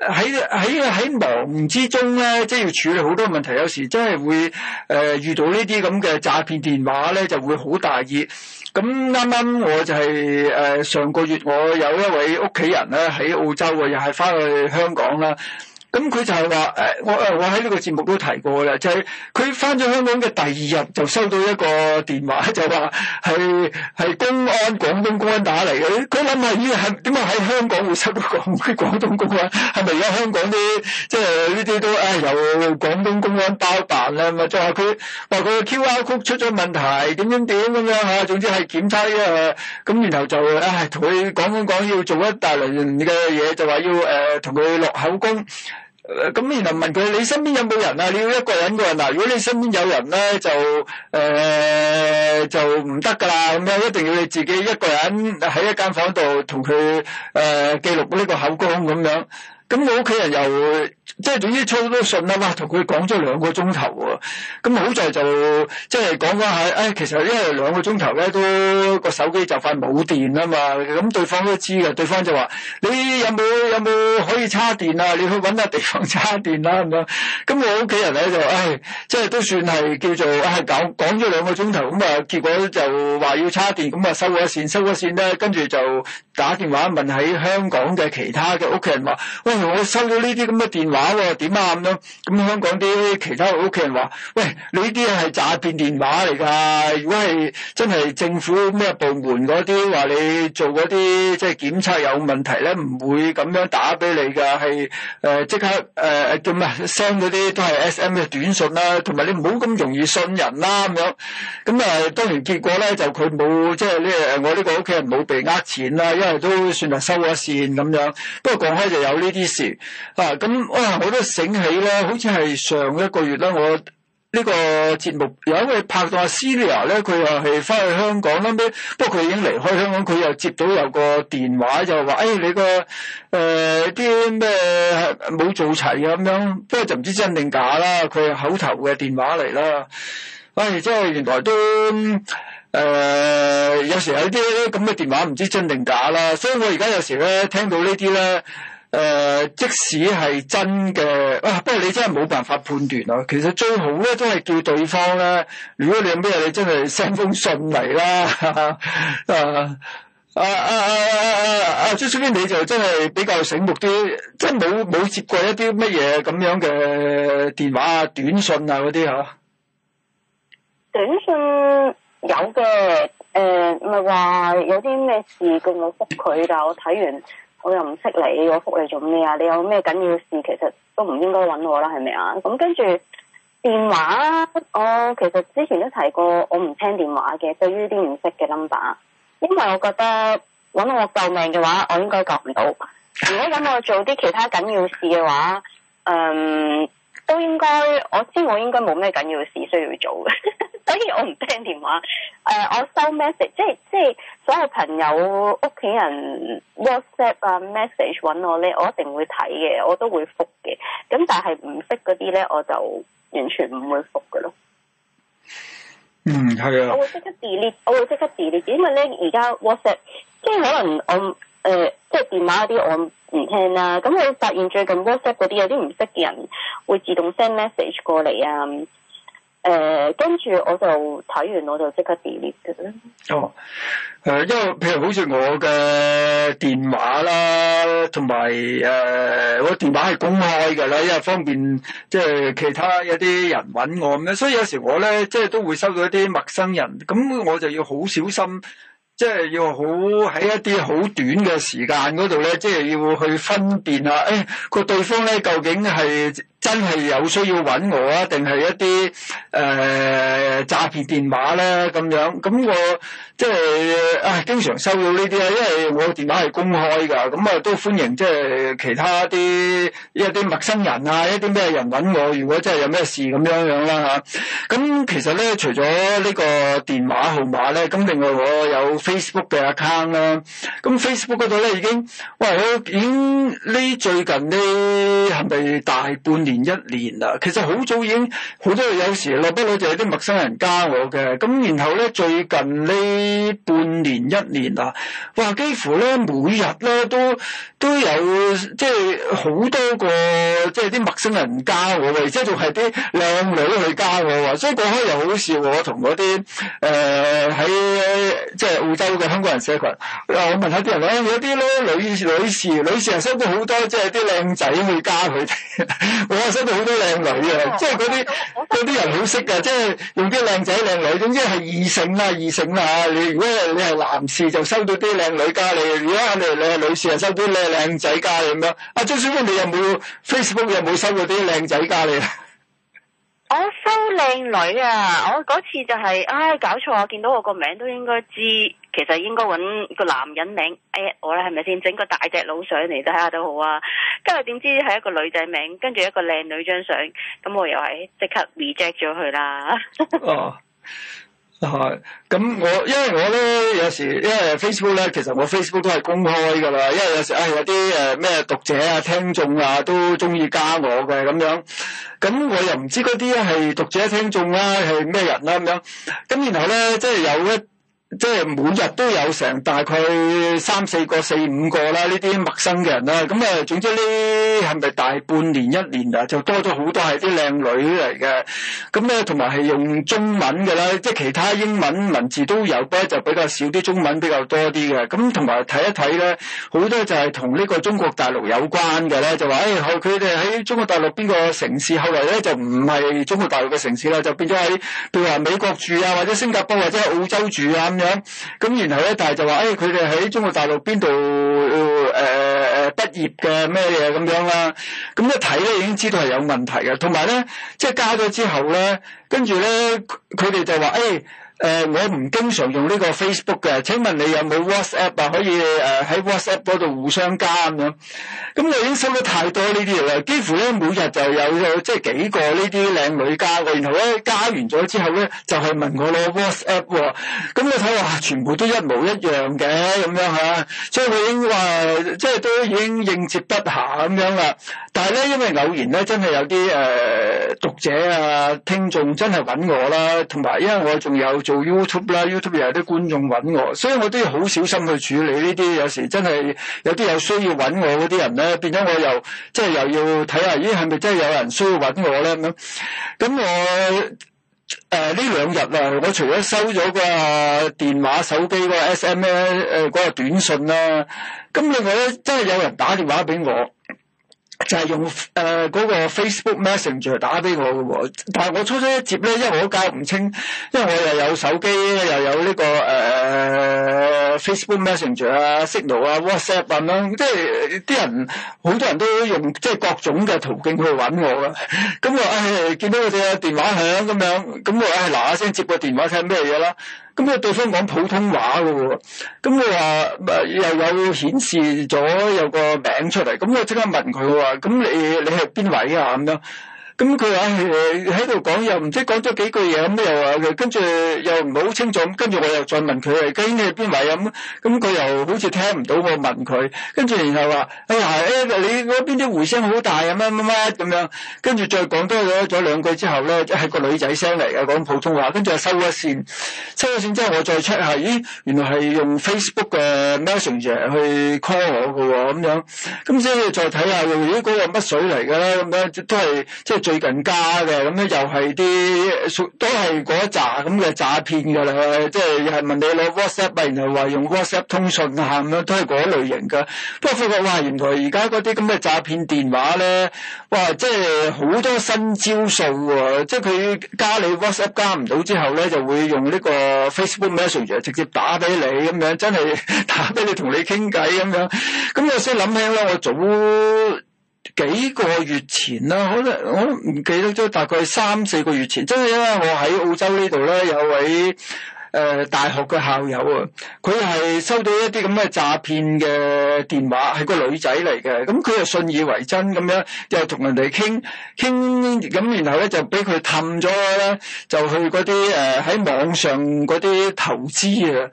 喺喺喺忙之中咧，即係要處理好多問題。有時真係會誒、呃、遇到呢啲咁嘅詐騙電話咧，就會好大意。咁啱啱我就係、是、誒、呃。上個月，我有一位屋企人咧喺澳洲喎，又係翻去香港啦。咁佢就係話誒，我誒我喺呢個節目都提過啦，就係佢返咗香港嘅第二日就收到一個電話，就話係係公安廣東公安打嚟嘅。佢諗下要係點解喺香港會收到廣廣東公安係咪？而家香港啲即係呢啲都誒、哎、由廣東公安包辦啦？咪就話佢話佢 QR code 出咗問題點點點咁樣嚇、啊。總之係檢查嘅。咁、啊、然後就誒同佢講講講要做一大輪嘅嘢，就話要誒同佢落口供。咁、嗯、然後問佢：你身邊有冇人啊？你要一個人嘅、啊、嗱，如果你身邊有人咧，就誒、呃，就唔得噶啦。咁、嗯、樣一定要你自己一個人喺一間房度同佢誒記錄呢個口供咁樣，咁我屋企人又。即係總之操都信啊嘛，同佢講咗兩個鐘頭喎。咁好在就即係講翻係，誒其實因為兩個鐘頭咧都個手機就快冇電啊嘛，咁對方都知嘅，對方就話你有冇有冇可以插電啊？你去揾下地方插電啦咁樣，咁我屋企人咧就誒即係都算係叫做誒、哎、講，講咗兩個鐘頭咁啊結果就話要插電，咁啊收咗線收咗線咧，跟住就打電話問喺香港嘅其他嘅屋企人話喂、哎，我收到呢啲咁嘅電話。咁啊點啊咁樣，咁香港啲其他屋企人話：「喂，你呢啲係詐騙電話嚟㗎！如果係真係政府咩部門嗰啲話，你做嗰啲即係檢測有問題咧，唔會咁樣打俾你㗎，係誒即刻誒、呃、叫咩 send 嗰啲都係 S M 嘅短信啦，同埋你唔好咁容易信人啦、啊、咁樣。咁啊當然結果咧就佢冇即係呢，就是、我呢個屋企人冇被呃錢啦，因為都算係收咗線咁樣。不過講開就有呢啲事啊咁啊。我都醒起咧，好似係上一個月咧，我呢個節目有一位拍檔阿 Celia 咧，佢又係翻去香港啦，咁不過佢已經離開香港，佢又接到有個電話，就話：，誒、哎、你個誒啲咩冇做齊呀咁樣，不過就唔知真定假啦，佢係口頭嘅電話嚟啦。唉、哎，即係原來都誒、呃，有時有啲咁嘅電話，唔知真定假啦。所以我而家有時咧聽到呢啲咧。誒，uh, 即使係真嘅，哇、啊！不過你真係冇辦法判斷啊。其實最好咧，都係叫對方咧，如果你有咩，你真係寫封信嚟啦。啊啊啊啊啊！朱小姐你就真係比較醒目啲，真冇冇接過一啲乜嘢咁樣嘅電話啊、短信啊嗰啲吓。啊、短信有嘅，誒、呃，唔係話有啲咩事叫我復佢，但我睇完。我又唔識你，我覆你做咩啊？你有咩緊要事，其實都唔應該揾我啦，係咪啊？咁跟住電話，我其實之前都提過，我唔聽電話嘅。對於啲唔識嘅 number，因為我覺得揾我救命嘅話，我應該救唔到。如果揾我做啲其他緊要事嘅話，嗯。都應該，我知我應該冇咩緊要嘅事需要做嘅， 所以我唔聽電話。誒、呃，我收 message，即係即係所有朋友屋企人 WhatsApp 啊 message 揾我咧，我一定會睇嘅，我都會覆嘅。咁但係唔識嗰啲咧，我就完全唔會覆㗎咯。嗯，係啊，我會即刻 delete，我會即刻 delete，因為咧而家 WhatsApp 即係可能我。誒、呃，即係電話嗰啲我唔聽啦、啊。咁我發現最近 WhatsApp 嗰啲有啲唔識嘅人會自動 send message 過嚟啊。誒、呃，跟住我就睇完我就即刻 delete 嘅哦，誒、呃，因為譬如好似我嘅電話啦，同埋誒我電話係公開㗎啦，因為方便即係其他一啲人搵我咁樣。所以有時我咧即係都會收到一啲陌生人，咁我就要好小心。即係要好喺一啲好短嘅時間嗰度咧，即係要去分辨啊！誒、哎，個對方咧究竟係，真係有需要揾我啊？定係一啲誒詐騙電話咧咁樣咁我即係啊，經常收到呢啲啊，因為我電話係公開㗎，咁啊都歡迎即係、就是、其他啲一啲陌生人啊，一啲咩人揾我，如果真係有咩事咁樣樣啦吓咁其實咧，除咗呢個電話號碼咧，咁另外我有 Facebook 嘅 account 啦、啊。咁 Facebook 度咧已經喂我已經呢最近呢係咪大半年？年一年啦，其實好早已經好多有時靚女就有啲陌生人加我嘅，咁然後咧最近呢半年一年啦，哇幾乎咧每日咧都都有即係好多個即係啲陌生人加我，而即係仲係啲靚女去加我，所以講開又好笑，我同嗰啲誒喺即係澳洲嘅香港人社群，我問下啲人咧、啊，有啲咧女女,女士女士收到好多即係啲靚仔去加佢哋。 我收到好多靚女啊！即係嗰啲啲人好識嘅，即係用啲靚仔靚女。總之係異性啦、啊，異性啦、啊、你如果你係男士就收到啲靚女加你；如果係你係女士就收啲靚靚仔加你咁樣。阿張小芳，你有冇 Facebook 有冇收到啲靚仔加你？我收靚女啊！我嗰次就係、是、唉、哎、搞錯，我見到我個名都應該知。其實應該搵個男人名 add 我啦，係咪先整個大隻佬上嚟，都睇下都好啊，跟住點知係一個女仔名，跟住一個靚女張相，咁我又係即刻 reject 咗佢啦。哦，係，咁我因為我咧有時因為 Facebook 咧，其實我 Facebook 都係公開噶啦，因為有時誒有啲誒咩讀者啊聽眾啊都中意加我嘅咁樣，咁我又唔知嗰啲係讀者聽眾啦，係咩人啦咁樣，咁然後咧即係有一。即係每日都有成大概三四個、四五個啦，呢啲陌生嘅人啦。咁誒，總之呢係咪大半年一年啊，就多咗好多係啲靚女嚟嘅。咁咧，同埋係用中文嘅啦，即係其他英文文字都有，不過就比較少啲中文，比較多啲嘅。咁同埋睇一睇咧，好多就係同呢個中國大陸有關嘅咧，就話誒，佢哋喺中國大陸邊個城市後嚟咧，就唔係中國大陸嘅城市啦，就變咗喺譬如話美國住啊，或者新加坡或者澳洲住啊。咁，然後咧，但係就話：誒、哎，佢哋喺中國大陸邊度誒，誒、呃，畢、呃、業嘅咩嘢咁樣啦？咁一睇咧，已經知道係有問題嘅。同埋咧，即係加咗之後咧，跟住咧，佢哋就話：誒、哎。誒、呃，我唔經常用呢個 Facebook 嘅。請問你有冇 WhatsApp 啊？可以誒喺、呃、WhatsApp 嗰度互相加咁樣。咁我已經收得太多呢啲嘢啦，幾乎咧每日就有即係幾個呢啲靚女加我，然後咧加完咗之後咧就係、是、問我攞 WhatsApp 喎、啊。咁我睇話全部都一模一樣嘅咁樣嚇、啊，所以我已經話即係都已經應接不暇咁樣啦。但係咧，因為偶然咧，真係有啲誒、呃、讀者啊、聽眾真係揾我啦，同埋因為我仲有做 you 啦 YouTube 啦，YouTube 又有啲觀眾揾我，所以我都要好小心去處理呢啲。有時真係有啲有需要揾我嗰啲人咧，變咗我又即係又要睇下，咦，係咪真係有人需要揾我咧？咁樣，咁我誒呢兩日啊，我除咗收咗個電話、手機嗰個 SMS 誒、嗰個短信啦、啊，咁另外咧真係有人打電話俾我。就係用誒嗰、呃那個 Facebook Messenger 打俾我嘅喎，但係我初初一接咧，因為我都搞唔清，因為我又有手機，又有呢、這個誒、呃、Facebook Messenger 啊、Signal 啊、WhatsApp 咁、啊、樣，即係啲人好多人都用即係各種嘅途徑去揾我啦。咁我誒、哎、見到佢有電話響咁樣，咁我誒嗱嗱聲接個電話睇咩嘢啦。咁啊、嗯，對方講普通話嘅喎，咁我話，咪、嗯、又有顯示咗有個名出嚟，咁我即刻問佢話，咁、嗯、你你係邊位啊咁樣？咁佢話誒喺度講，又唔知講咗幾句嘢，咁又話，跟住又唔係好清楚，咁跟住我又再問佢究竟你係邊位咁，咁佢又好似聽唔到我問佢，跟住然後話，哎呀誒你嗰邊啲回聲好大啊乜乜乜咁樣，跟住再講多咗咗兩句之後咧，係個女仔聲嚟嘅講普通話，跟住又收咗線，收咗線之後我再 check 下，咦原來係用 Facebook 嘅 Messenger 去 call 我嘅喎咁樣，咁先再睇下，如果嗰個乜水嚟嘅咧，咁咧都係即係。最近加嘅咁咧，又係啲都係嗰扎咁嘅詐騙㗎啦，即係又係問你攞 WhatsApp，然後話用 WhatsApp 通訊下咁樣，都係嗰類型嘅。不過發覺哇，原來而家嗰啲咁嘅詐騙電話咧，哇，即係好多新招數喎、啊！即係佢加你 WhatsApp 加唔到之後咧，就會用呢個 Facebook Message 直接打俾你咁樣，真係打俾你同你傾偈咁樣。咁有先諗起咧，我早幾個月前啦，可能我都唔記得咗，大概三四個月前，真係因為我喺澳洲呢度咧，有位誒大學嘅校友啊，佢係收到一啲咁嘅詐騙嘅電話，係個女仔嚟嘅，咁佢就信以為真咁樣，又同人哋傾傾，咁然後咧就俾佢氹咗咧，就去嗰啲誒喺網上嗰啲投資啊。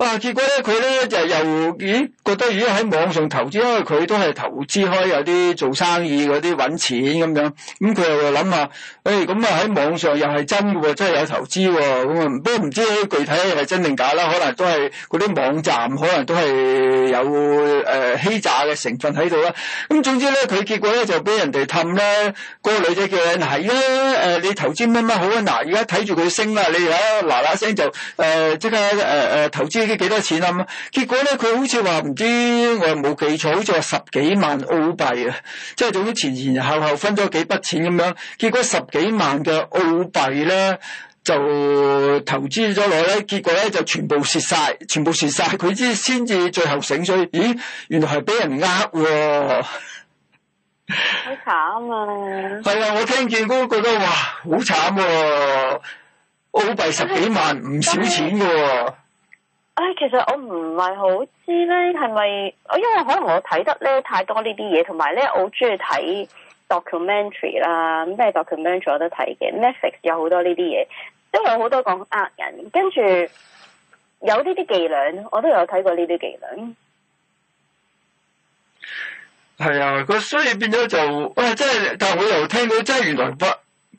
哇！結果咧，佢咧就又咦覺得如果喺網上投資，因為佢都係投資開有啲做生意嗰啲揾錢咁樣，咁佢又諗下，誒咁啊喺網上又係真嘅喎，真係有投資喎，咁、嗯、啊不過唔知具體係真定假啦，可能都係嗰啲網站，可能都係有誒、呃、欺詐嘅成分喺度啦。咁、嗯、總之咧，佢結果咧就俾人哋氹咧，個女仔叫人係咧、呃，你投資乜乜好啊？嗱而家睇住佢升啦，你而家嗱嗱聲就誒即、呃、刻。誒、呃、誒投資。幾多錢啊？結果咧，佢好似話唔知我冇記錯，好似話十幾萬澳幣啊！即係總之前前後後分咗幾筆錢咁樣。結果十幾萬嘅澳幣咧就投資咗落咧，結果咧就全部蝕晒，全部蝕晒。佢先先至最後醒，所以咦，原來係俾人呃， 好慘啊！係啊、哎，我聽見都覺得：哇「話好慘喎，澳幣十幾萬，唔是少錢噶喎、啊。唉、哎，其實我唔係好知咧，係咪？我因為可能我睇得咧太多呢啲嘢，同埋咧我好中意睇 documentary 啦，咩 documentary 我都睇嘅，Netflix 有好多呢啲嘢，都有好多講呃人，跟住有呢啲伎倆，我都有睇過呢啲伎倆。係啊、哎，佢所以變咗就啊，即、哎、係，但係我又聽到，真係原來不。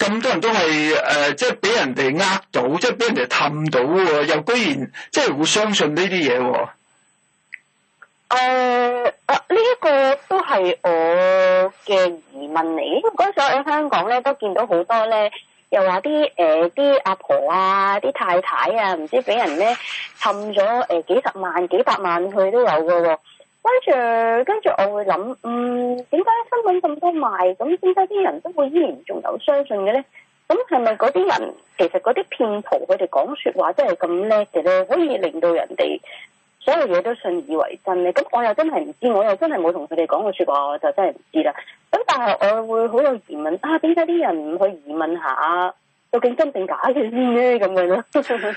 咁多人都係誒、呃，即係俾人哋呃到，即係俾人哋氹到喎，又居然即係會相信呢啲嘢喎。啊、呃！呢、呃、一、呢個都係我嘅疑問嚟，咁為嗰陣時我喺香港咧都見到好多咧，又話啲誒啲阿婆啊、啲太太啊，唔知俾人咧氹咗誒幾十萬、幾百萬去都有嘅喎、哦。跟住，跟住，我會諗，嗯，點解新聞咁多賣？咁點解啲人都會依然仲有相信嘅呢？咁係咪嗰啲人，其實嗰啲騙徒佢哋講說話真係咁叻嘅咧？可以令到人哋所有嘢都信以為真咧？咁我又真係唔知，我又真係冇同佢哋講過說話，我就真係唔知啦。咁但係我會好有疑問，啊，點解啲人唔去疑問下，究竟真定假嘅先咁樣咧？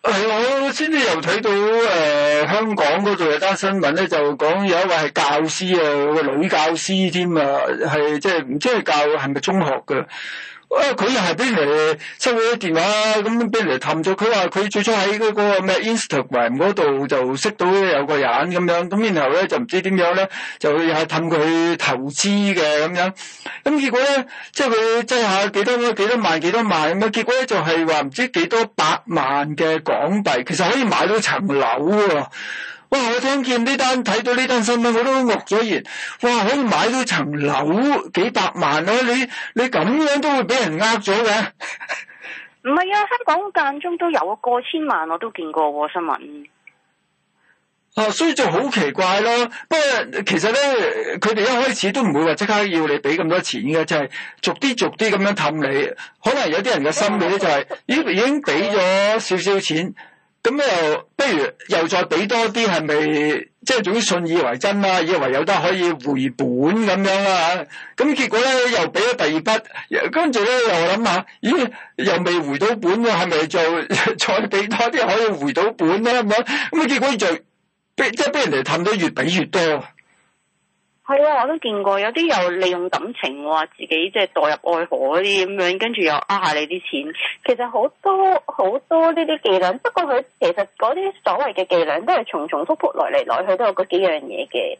係我先至又睇到誒、呃、香港嗰度有單新聞，咧，就講有一位係教師啊，有個女教師添啊，係即係唔知係教係咪中學噶。啊！佢又係俾嚟收佢啲電話，咁俾嚟氹咗。佢話佢最初喺嗰個咩 Instagram 嗰度就識到有個人咁樣，咁然後咧就唔知點樣咧，就又係氹佢投資嘅咁樣。咁結果咧，即係佢即係下幾多幾多萬幾多萬咁啊！結果咧就係話唔知幾多百萬嘅港幣，其實可以買到層樓喎。哇！我聽見呢單，睇到呢單新聞，我都愕咗然。哇！可以買到層樓幾百萬啦，啊，你你咁樣都會俾人呃咗嘅。唔 係啊，香港間中都有啊，過千萬我都見過新聞。啊，所以就好奇怪咯。不過其實咧，佢哋一開始都唔會話即刻要你俾咁多錢嘅，就係、是、逐啲逐啲咁樣氹你。可能有啲人嘅心理咧，就係已已經俾咗少少錢。咁又不如又再俾多啲，係咪即係總之信以為真啦？以為有得可以回本咁樣啦嚇。咁啊結果咧又俾咗第二筆，跟住咧又諗下，咦？又未回到本，係咪就再俾多啲可以回到本咧？咁啊結果就即係俾人哋氹到越俾越多。係啊，我都見過，有啲又利用感情話自己即係墮入愛河嗰啲咁樣，跟住又呃下、啊、你啲錢。其實好多好多呢啲伎倆，不過佢其實嗰啲所謂嘅伎倆都係重重複複來嚟來去，都有嗰幾樣嘢嘅。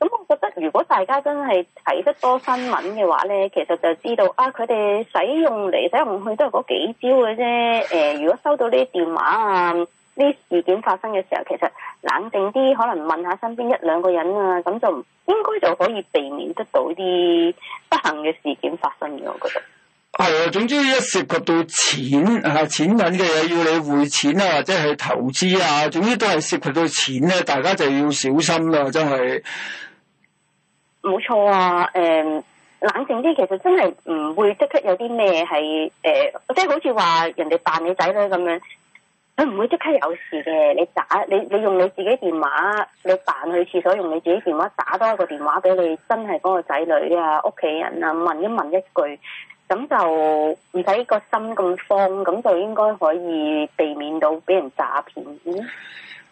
咁我覺得，如果大家真係睇得多新聞嘅話呢，其實就知道啊，佢哋使用嚟使用去都係嗰幾招嘅啫。誒、呃，如果收到呢啲電話啊～呢事件發生嘅時候，其實冷靜啲，可能問下身邊一兩個人啊，咁就應該就可以避免得到啲不幸嘅事件發生嘅。我覺得係啊、嗯，總之一涉及到錢啊、錢銀嘅嘢，要你匯錢啊，或者係投資啊，總之都係涉及到錢咧，大家就要小心啦，真係冇錯啊！誒、嗯，冷靜啲，其實真係唔會即刻有啲咩係誒，即係好似話人哋扮你仔女咁樣。佢唔會即刻有事嘅，你打你你用你自己電話，你扮去廁所用你自己電話打多一個電話俾你真係嗰個仔女啊、屋企人啊問一問一句，咁就唔使個心咁慌，咁就應該可以避免到俾人詐騙。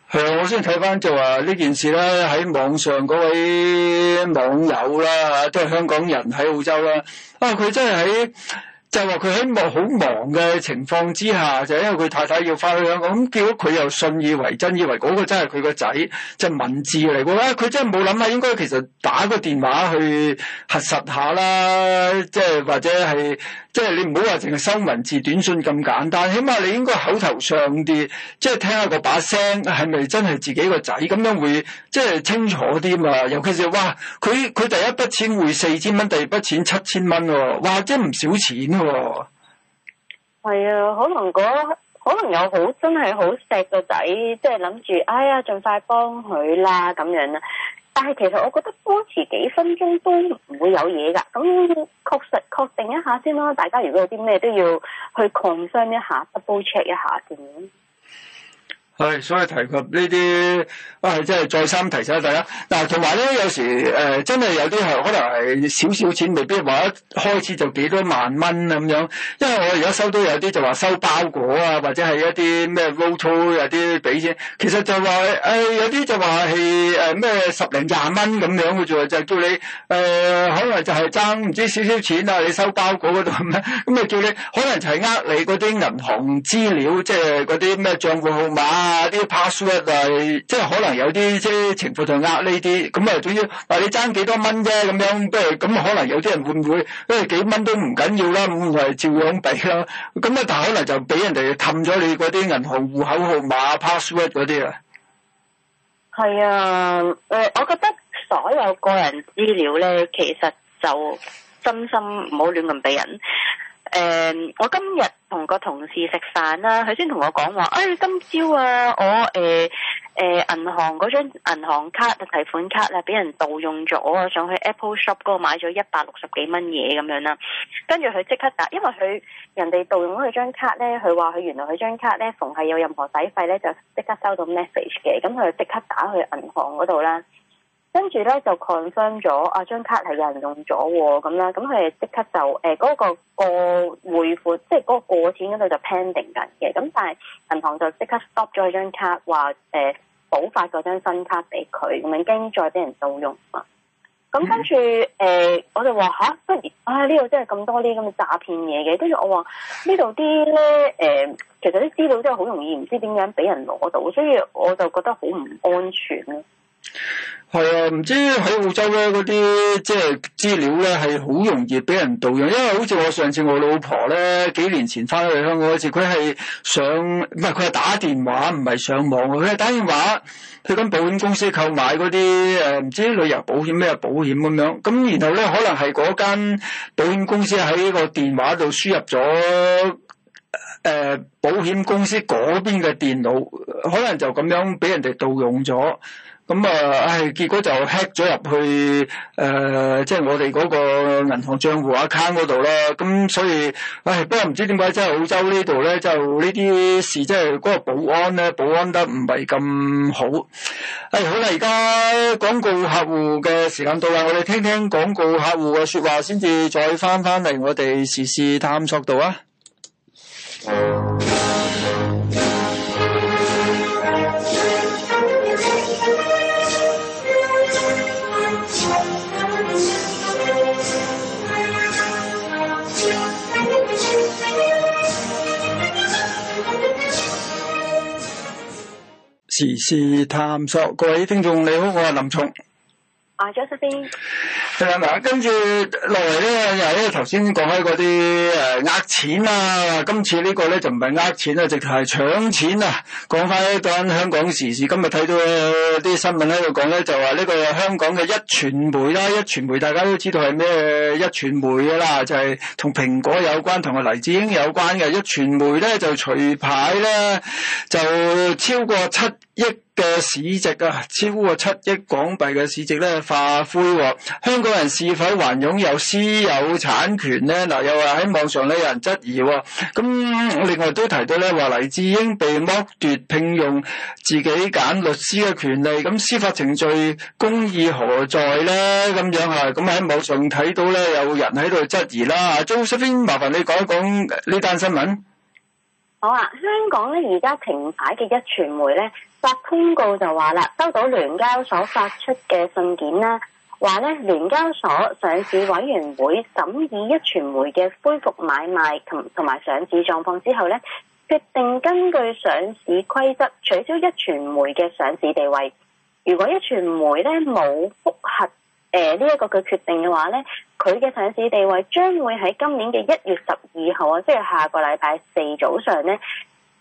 係啊，我先睇翻就話呢件事咧，喺網上嗰位網友啦，即係香港人喺澳洲啦，啊佢真係喺。就話佢喺冇好忙嘅情況之下，就因為佢太太要翻去香港，咁結果佢又信以為真，以為嗰個真係佢個仔，即係文字嚟嘅話，佢、哎、真係冇諗下，應該其實打個電話去核實下啦，即係或者係。即係你唔好話淨係收文字短信咁簡單，起碼你應該口頭上啲，即係聽下個把聲係咪真係自己個仔，咁樣會即係清楚啲嘛。尤其是哇，佢佢第一筆錢匯四千蚊，第二筆錢七千蚊喎，哇，真唔少錢喎。係啊，可能嗰可能有好真係好錫個仔，即係諗住，哎呀，盡快幫佢啦，咁樣啦。但係其實我覺得多遲幾分鐘都唔會有嘢㗎，咁確實確定一下先啦。大家如果有啲咩都要去 confirm 一下，double check 一下先。係，所以提及呢啲，我係真係再三提醒大家。嗱、啊，同埋咧，有時誒、呃、真係有啲係可能係少少錢，未必話一開始就幾多萬蚊咁樣。因為我而家收到有啲就話收包裹啊，或者係一啲咩撈粗有啲俾啫。其實就話誒、哎、有啲就話係誒咩十零廿蚊咁樣嘅，啫，就係叫你誒、呃、可能就係爭唔知少少錢啊，你收包裹嗰度咁啊，咁啊叫你可能就係呃你嗰啲銀行資料，即係嗰啲咩賬戶號碼、啊。啊啲 password 係即係可能有啲即係情況就呃呢啲咁啊，總之，但係你爭幾多蚊啫咁樣，不如咁可能有啲人會唔會，因為幾蚊都唔緊要啦，咁係照樣俾啦。咁咧，但係可能就俾人哋氹咗你嗰啲銀行戶口號碼、password 嗰啲啊。係啊，誒，我覺得所有個人資料咧，其實就真心唔好亂咁俾人。誒、嗯，我今日同個同事食飯啦，佢先同我講話，誒、哎、今朝啊，我誒誒、呃呃、銀行嗰張銀行卡提款卡啊俾人盜用咗，想去 Apple Shop 嗰度買咗一百六十幾蚊嘢咁樣啦，跟住佢即刻打，因為佢人哋盜用咗佢張卡咧，佢話佢原來佢張卡咧逢係有任何使費咧就即刻收到 message 嘅，咁佢就即刻打去銀行嗰度啦。跟住咧就 confirm 咗，啊張卡係有人用咗喎，咁啦，咁佢哋即刻就誒嗰、呃那個過匯款，即係嗰個過錢嗰度就 pending 緊嘅，咁但係銀行就即刻 stop 咗張卡，話誒、呃、補發嗰張新卡俾佢，唔好驚再俾人盜用啊。咁跟住誒、呃，我就話吓？不如啊呢度真係咁多啲咁嘅詐騙嘢嘅。跟住我話呢度啲咧誒，其實啲資料真係好容易唔知點樣俾人攞到，所以我就覺得好唔安全咯。係啊，唔知喺澳洲咧，嗰啲即係資料咧係好容易俾人盜用，因為好似我上次我老婆咧幾年前翻去香港嗰次，佢係上唔係佢係打電話，唔係上網，佢係打電話去跟保險公司購買嗰啲誒唔知旅遊保險咩保險咁樣，咁然後咧可能係嗰間保險公司喺個電話度輸入咗誒、呃、保險公司嗰邊嘅電腦，可能就咁樣俾人哋盜用咗。咁啊，唉，結果就 hack 咗入去，誒，即係我哋嗰個銀行賬戶 account 嗰度啦。咁所以，唉，不過唔知點解，即係澳洲呢度咧，就呢啲事，即係嗰個保安咧，保安得唔係咁好。唉，好啦，而家廣告客戶嘅時間到啦，我哋聽聽廣告客戶嘅說話先至再翻翻嚟我哋時事探索度啊。時事探索，各位聽眾，你好，我係林松。Josephine，聽唔聽？跟住落嚟呢，又係頭先講開嗰啲誒呃錢啊，今次呢個咧就唔係呃錢啊，直頭係搶錢啊！講翻呢段香港時事，今日睇到啲新聞喺度講咧，就話呢個香港嘅壹傳媒啦，壹傳媒大家都知道係咩壹傳媒嘅啦，就係同蘋果有關，同阿黎智英有關嘅壹傳媒咧，就除牌咧就超過七。億嘅市值啊，超過七億港幣嘅市值咧化灰啊。香港人是否還擁有私有產權咧？嗱，又話喺網上咧有人質疑啊。咁、嗯、我另外都提到咧，話黎智英被剝奪聘用自己揀律師嘅權利。咁、嗯、司法程序公義何在咧？咁樣係。咁、嗯、喺網上睇到咧，有人喺度質疑啦。Josephine, 麻煩你講一講呢單新聞。好啊，香港咧而家停牌嘅壹傳媒咧。發通告就話啦，收到聯交所發出嘅信件咧，話咧聯交所上市委員會審議壹傳媒嘅恢復買賣同同埋上市狀況之後咧，決定根據上市規則取消壹傳媒嘅上市地位。如果壹傳媒咧冇復核誒呢一個嘅決定嘅話咧，佢嘅上市地位將會喺今年嘅一月十二號啊，即係下個禮拜四早上咧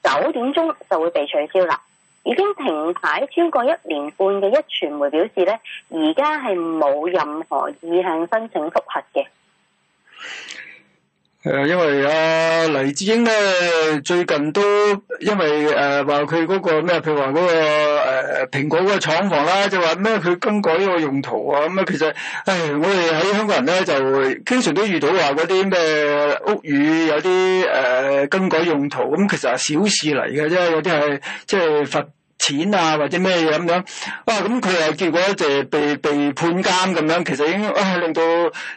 九點鐘就會被取消啦。已經停牌超過一年半嘅壹傳媒表示咧，而家係冇任何意向申請復核嘅。誒，因為啊，黎智英咧，最近都因為誒話佢嗰個咩，譬如話嗰、那個誒蘋、呃、果嗰個廠房啦、啊，就話咩佢更改呢個用途啊，咁、嗯、啊，其實誒我哋喺香港人咧就經常都遇到話嗰啲咩屋宇有啲誒、呃、更改用途，咁、嗯、其實係小事嚟嘅啫，有啲係即係罰。就是錢啊，或者咩嘢咁樣，哇！咁佢又結果就被被判監咁樣，其實已該已經啊令到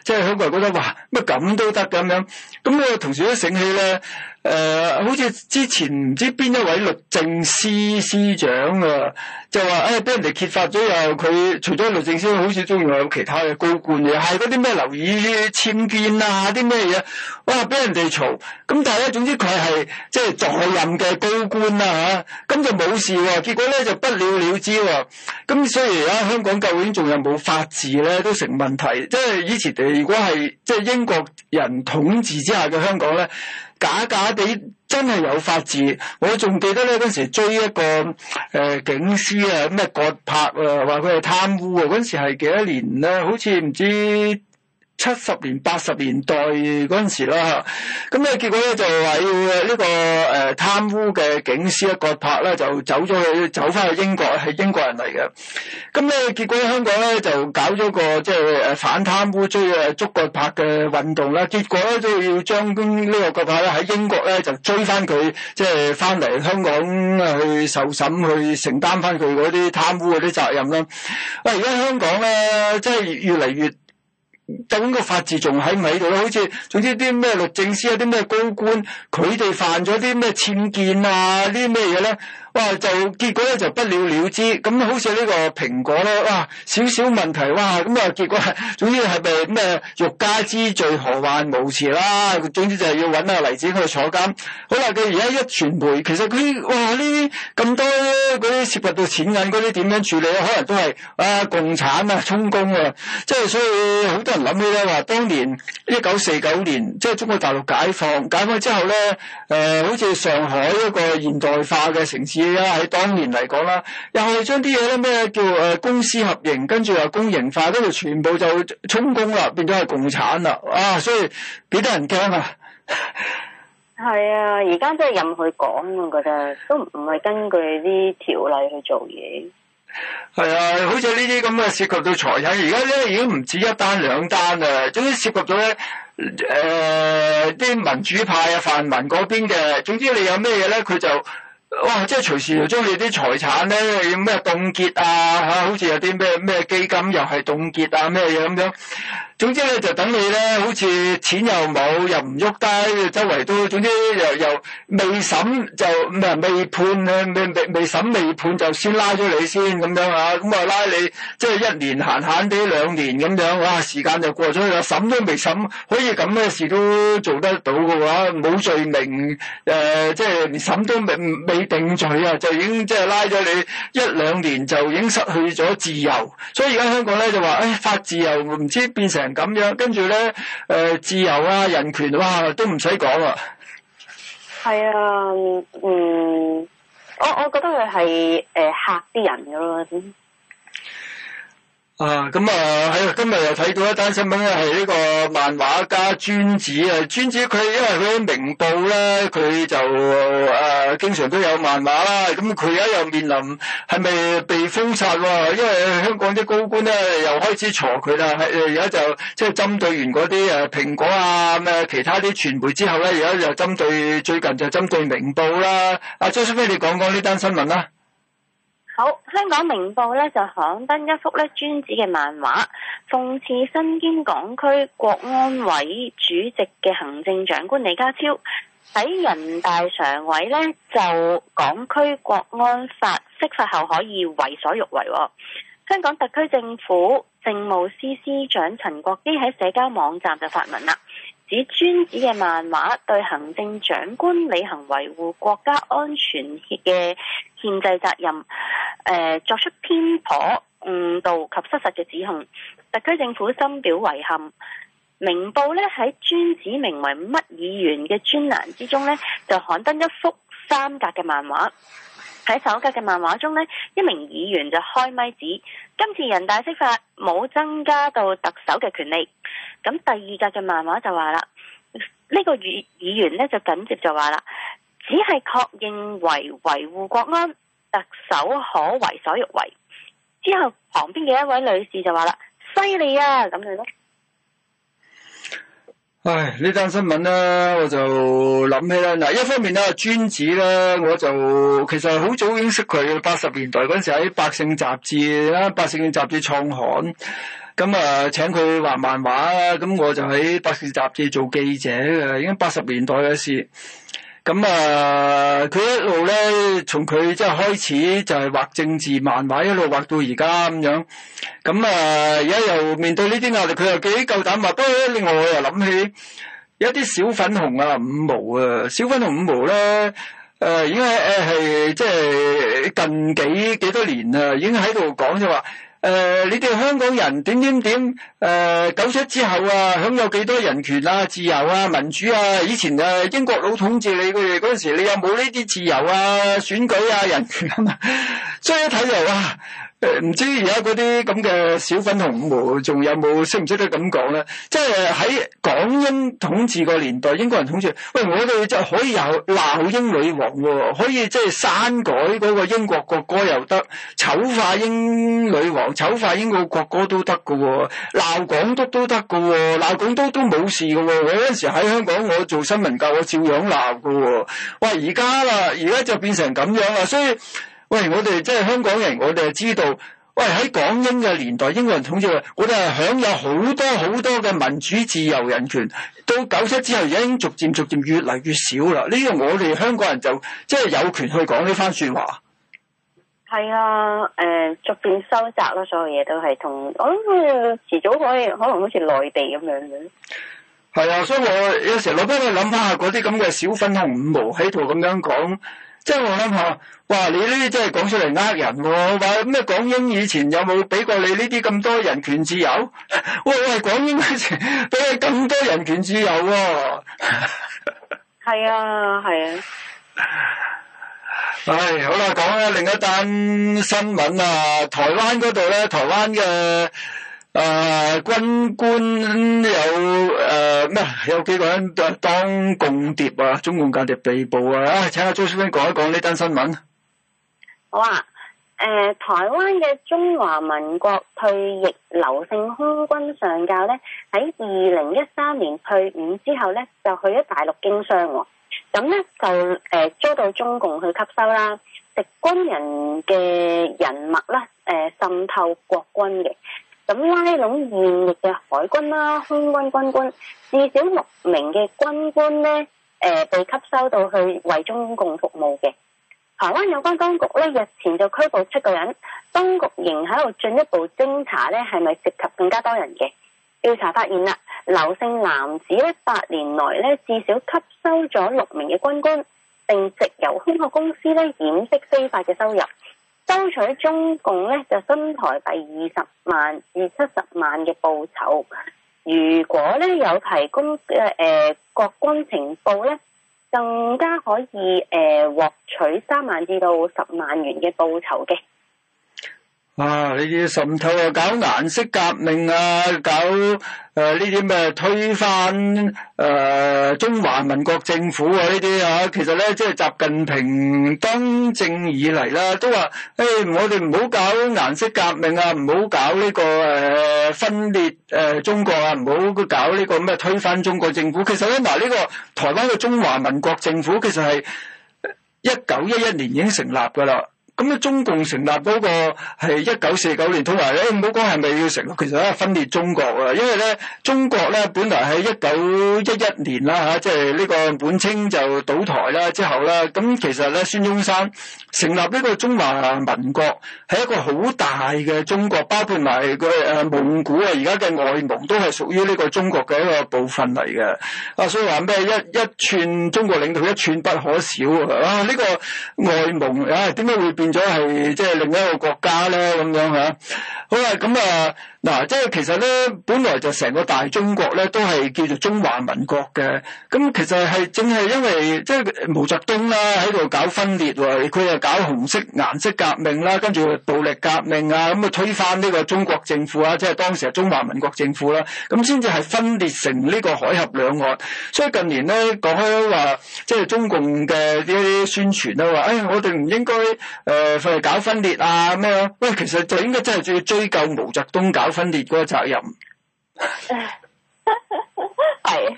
即係香港人覺得哇乜咁都得咁樣，咁我同時都醒起咧。誒、呃，好似之前唔知邊一位律政司司長啊，就話誒，俾、哎、人哋揭發咗又佢除咗律政司，好似中意有其他嘅高官嘅，係嗰啲咩留意僭建啊，啲咩嘢哇，俾人哋嘈咁，但係咧，總之佢係即係在任嘅高官啊，嚇、啊，咁就冇事喎。結果咧就不了了之喎。咁所以而家香港究竟仲有冇法治咧，都成問題。即、就、係、是、以前哋如果係即係英國人統治之下嘅香港咧。假假哋真係有法治，我仲記得咧，嗰陣時追一個誒、呃、警司柏啊，咩啊葛柏啊，話佢係貪污啊，嗰陣時係幾多年咧？好似唔知。七十年、八十年代嗰陣時啦，咁、嗯、咧，結果咧就話要呢個誒貪污嘅警司一葛柏咧，就走咗去走翻去英國，係英國人嚟嘅。咁、嗯、咧，結果呢香港咧就搞咗個即係誒反貪污追誒捉葛柏嘅運動啦。結果咧都要將個呢個葛柏咧喺英國咧就追翻佢，即係翻嚟香港去受審去承擔翻佢嗰啲貪污嗰啲責任啦。喂、嗯，而家香港咧即係越嚟越～究竟個法治仲喺唔喺度咧？好似總之啲咩律政司、啲咩高官，佢哋犯咗啲咩僭建啊？啲咩嘢咧？哇！就結果咧就不了了之，咁、嗯、好似呢個蘋果咧，哇！少少問題，哇！咁、嗯、啊結果係總之係咪咁欲加之罪何患無辭啦？總之就係要揾個例子去坐監。好啦，佢而家壹傳媒，其實佢哇呢啲咁多嗰啲涉及到錢銀嗰啲點樣處理咧？可能都係啊共產啊充公啊！即係所以好多人諗起咧話，當年一九四九年即係、就是、中國大陸解放，解放之後咧，誒、呃、好似上海一個現代化嘅城市。係啊，喺當年嚟講啦，又係將啲嘢咧咩叫誒公私合營，跟住又公營化，跟住全部就充公啦，變咗係共產啦，哇、啊！所以幾得人驚啊？係 啊，而家都係任佢講，我覺得都唔係根據啲條例去做嘢。係啊，好似呢啲咁嘅涉及到財產，而家咧已經唔止一單兩單啦，總之涉及到咧誒啲民主派啊、泛民嗰邊嘅，總之你有咩嘢咧，佢就。哇！即係隨時又將你啲財產咧，要咩凍結啊吓，好似有啲咩咩基金又係凍結啊咩嘢咁樣。總之咧就等你咧，好似錢又冇，又唔喐低，周圍都，總之又又未審就唔未判咧，未未未審未判，未判就先拉咗你先咁樣啊，咁啊拉你即係、就是、一年閒閒啲兩年咁樣，哇、啊、時間就過咗啦，審都未審，可以咁嘅事都做得到嘅話，冇罪名誒，即係審都未未定罪啊，就已經即係、就是、拉咗你一兩年就已經失去咗自由，所以而家香港咧就話誒、哎，法自由唔知變成。咁樣，跟住呢，誒、呃、自由啊、人權哇、啊，都唔使講啦。係啊，嗯，我我覺得佢係誒嚇啲人㗎喇。啊，咁啊喺今日又睇到一單新聞咧，係呢個漫畫家尊子，尊子啊，尊子佢因為佢喺明報咧，佢就誒經常都有漫畫啦，咁佢而家又面臨係咪被封殺喎？因為香港啲高官咧又開始嘈佢啦，係而家就即係針對完嗰啲誒蘋果啊咩其他啲傳媒之後咧，而家就針對最近就針對明報啦。阿張生輝，你講講呢單新聞啦。好，香港明報咧就刊登一幅咧尊子嘅漫畫，諷刺身兼港區國安委主席嘅行政長官李家超喺人大常委呢就港區國安法釋法後可以為所欲為，哦。香港特區政府政務司司長陳國基喺社交網站就發文啦。指尊子嘅漫畫對行政長官履行維護國家安全嘅憲制責任，誒、呃、作出偏頗誤導及失實嘅指控，特區政府深表遺憾。明報咧喺尊子名為乜議員嘅專欄之中咧，就刊登一幅三格嘅漫畫。喺首格嘅漫畫中咧，一名議員就開咪指今次人大釋法冇增加到特首嘅權利。咁第二格嘅漫畫就話啦，呢個議議員咧就緊接就話啦，只係確認為維護國安，特首可為所欲為。之後旁邊嘅一位女士就話啦，犀利啊！咁樣咧，唉，呢單新聞咧，我就諗起啦。嗱，一方面啦，尊子啦，我就其實好早已經識佢，八十年代嗰陣時喺《百姓雜誌》啦，《百姓雜誌》創刊。咁啊、嗯，請佢畫漫畫啦。咁、嗯、我就喺《百事雜誌》做記者嘅，已經八十年代嘅事。咁、嗯、啊，佢、嗯、一路咧，從佢即係開始就係畫政治漫畫，一路畫到而家咁樣。咁、嗯、啊，而、嗯、家、嗯嗯、又面對呢啲壓力，佢又幾夠膽畫。不過，另外我又諗起一啲小粉紅啊、五毛啊，小粉紅五毛咧，誒已經誒係即係近幾幾多年啊，已經喺度講就話。誒、呃，你哋香港人點點點？誒、呃，九七之後啊，享有幾多人權啊、自由啊、民主啊？以前誒、啊、英國佬統治你哋嗰陣時，你有冇呢啲自由啊、選舉啊、人權啊？ 所以一睇嚟啊～誒，唔知而家嗰啲咁嘅小粉紅五毛，仲有冇識唔識得咁講咧？即係喺港英統治個年代，英國人統治，喂，我哋就可以鬧鬧英女王喎，可以即係刪改嗰個英國國歌又得，醜化英女王、醜化英國國歌都得㗎喎，鬧港督都得㗎喎，鬧港督都冇事㗎喎。我嗰陣時喺香港，我做新聞教，我照樣鬧㗎喎。喂，而家啦，而家就變成咁樣啦，所以。喂，我哋即係香港人，我哋知道，喂，喺港英嘅年代，英國人統治，我哋係享有好多好多嘅民主、自由、人權。到九七之後，已經逐漸逐漸越嚟越少啦。呢個我哋香港人就即係、就是、有權去講呢番說話。係啊，誒、呃，逐漸收窄啦，所有嘢都係同我諗，遲、哦呃、早可以可能好似內地咁樣嘅。係啊，所以我有時攞翻去諗翻下嗰啲咁嘅小粉紅五毛喺度咁樣講。即係我諗下，哇！你呢啲真係講出嚟，呃人喎，話咩？港英以前有冇俾過你呢啲咁多人權自由？喂，我係港英以前俾你咁多人權自由喎。係啊，係 啊。唉、啊哎，好啦，講下另一單新聞啊，台灣嗰度咧，台灣嘅。誒、呃，軍官有誒咩、呃？有幾個人當共諜啊？中共間諜被捕啊！啊，請阿朱先生講一講呢單新聞。好啊，誒、呃，台灣嘅中華民國退役劉姓空軍上校咧，喺二零一三年退伍之後咧，就去咗大陸經商，哦，咁咧就誒、呃、遭到中共去吸收啦，敵軍人嘅人脈啦，誒、呃、滲透國軍嘅。咁拉攏現役嘅海軍啦、啊、空軍軍官，至少六名嘅軍官呢，誒、呃、被吸收到去為中共服務嘅。台灣有關當局呢，日前就拘捕七個人，當局仍喺度進一步偵查呢係咪涉及更加多人嘅調查發現啦，劉姓男子呢八年來呢，至少吸收咗六名嘅軍官，並藉由空殼公司呢掩飾非法嘅收入。收取中共咧就新台幣二十萬至七十萬嘅報酬，如果咧有提供誒、呃、國軍情報咧，更加可以誒獲、呃、取三萬至到十萬元嘅報酬嘅。啊！呢啲滲透啊，搞顏色革命啊，搞誒呢啲咩推翻誒中華民國政府啊？呢啲啊，其實咧即係習近平當政以嚟啦，都話誒我哋唔好搞顏色革命啊，唔好搞呢個誒分裂誒中國啊，唔好搞呢個咩推翻中國政府。其實咧，嗱呢個台灣嘅中華民國政府，其實係一九一一年已經成立㗎喇。咁咧、嗯，中共成立嗰個係一九四九年，同埋咧唔好講係咪要成，其實咧係分裂中國啊！因為咧，中國咧本來喺一九一一年啦吓，啊，即係呢個滿清就倒台啦之後咧，咁、啊、其實咧孫中山成立呢個中華民國係一個好大嘅中國，包括埋個誒蒙古啊，而家嘅外蒙都係屬於呢個中國嘅一個部分嚟嘅。啊，所以話咩一一寸中國領土一寸不可少啊！呢，這個外蒙誒點解會變？變咗係即係另一個國家咧，咁樣吓，好啦，咁啊。呃嗱，即係其實咧，本來就成個大中國咧，都係叫做中華民國嘅。咁其實係正係因為即係、就是、毛澤東啦，喺度搞分裂喎，佢又搞紅色顏色革命啦，跟住暴力革命啊，咁啊推翻呢個中國政府啊，即、就、係、是、當時係中華民國政府啦，咁先至係分裂成呢個海峽兩岸。所以近年咧講開話，即、就、係、是、中共嘅呢啲宣傳咧話，誒、哎、我哋唔應該佢去、呃、搞分裂啊咩？啊？喂，其實就應該真係要追究毛澤東搞。分裂嗰個責任係，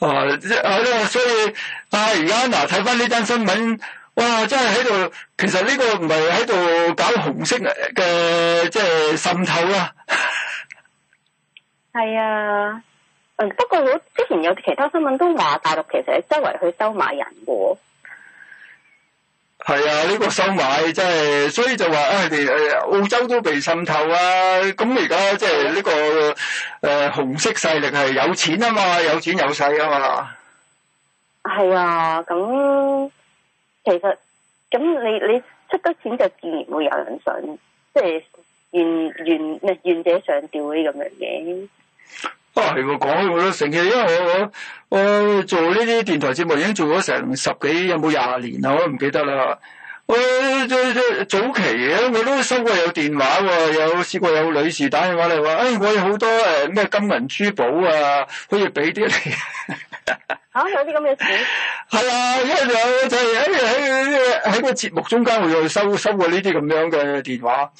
哦，即係所以啊，而家嗱睇翻呢單新聞，哇，真係喺度，其實呢個唔係喺度搞紅色嘅，即係滲透啊，係、嗯、啊、嗯，嗯，不過我之前有其他新聞都話，大陸其實係周圍去收買人嘅。係啊，呢、這個收買真係，所以就話誒，誒、哎，澳洲都被滲透啊。咁而家即係呢、這個誒、呃，紅色勢力係有錢啊嘛，有錢有勢啊嘛。係啊，咁、啊、其實咁你你出得錢就自然會有人上，即係願願願者上釣嗰啲咁樣嘅。啊，係我、哦、講起我都成日，因為我我我做呢啲電台節目已經做咗成十幾有冇廿年啦，我都唔記得啦。我即即早期啊，我都收過有電話喎，有試過有女士打電話嚟話，哎，我有好多誒咩、呃、金銀珠寶啊，可以俾啲你。 嚇、啊、有啲咁嘅事？係 啊，因為有就係喺喺喺個節目中間會收收過呢啲咁樣嘅電話。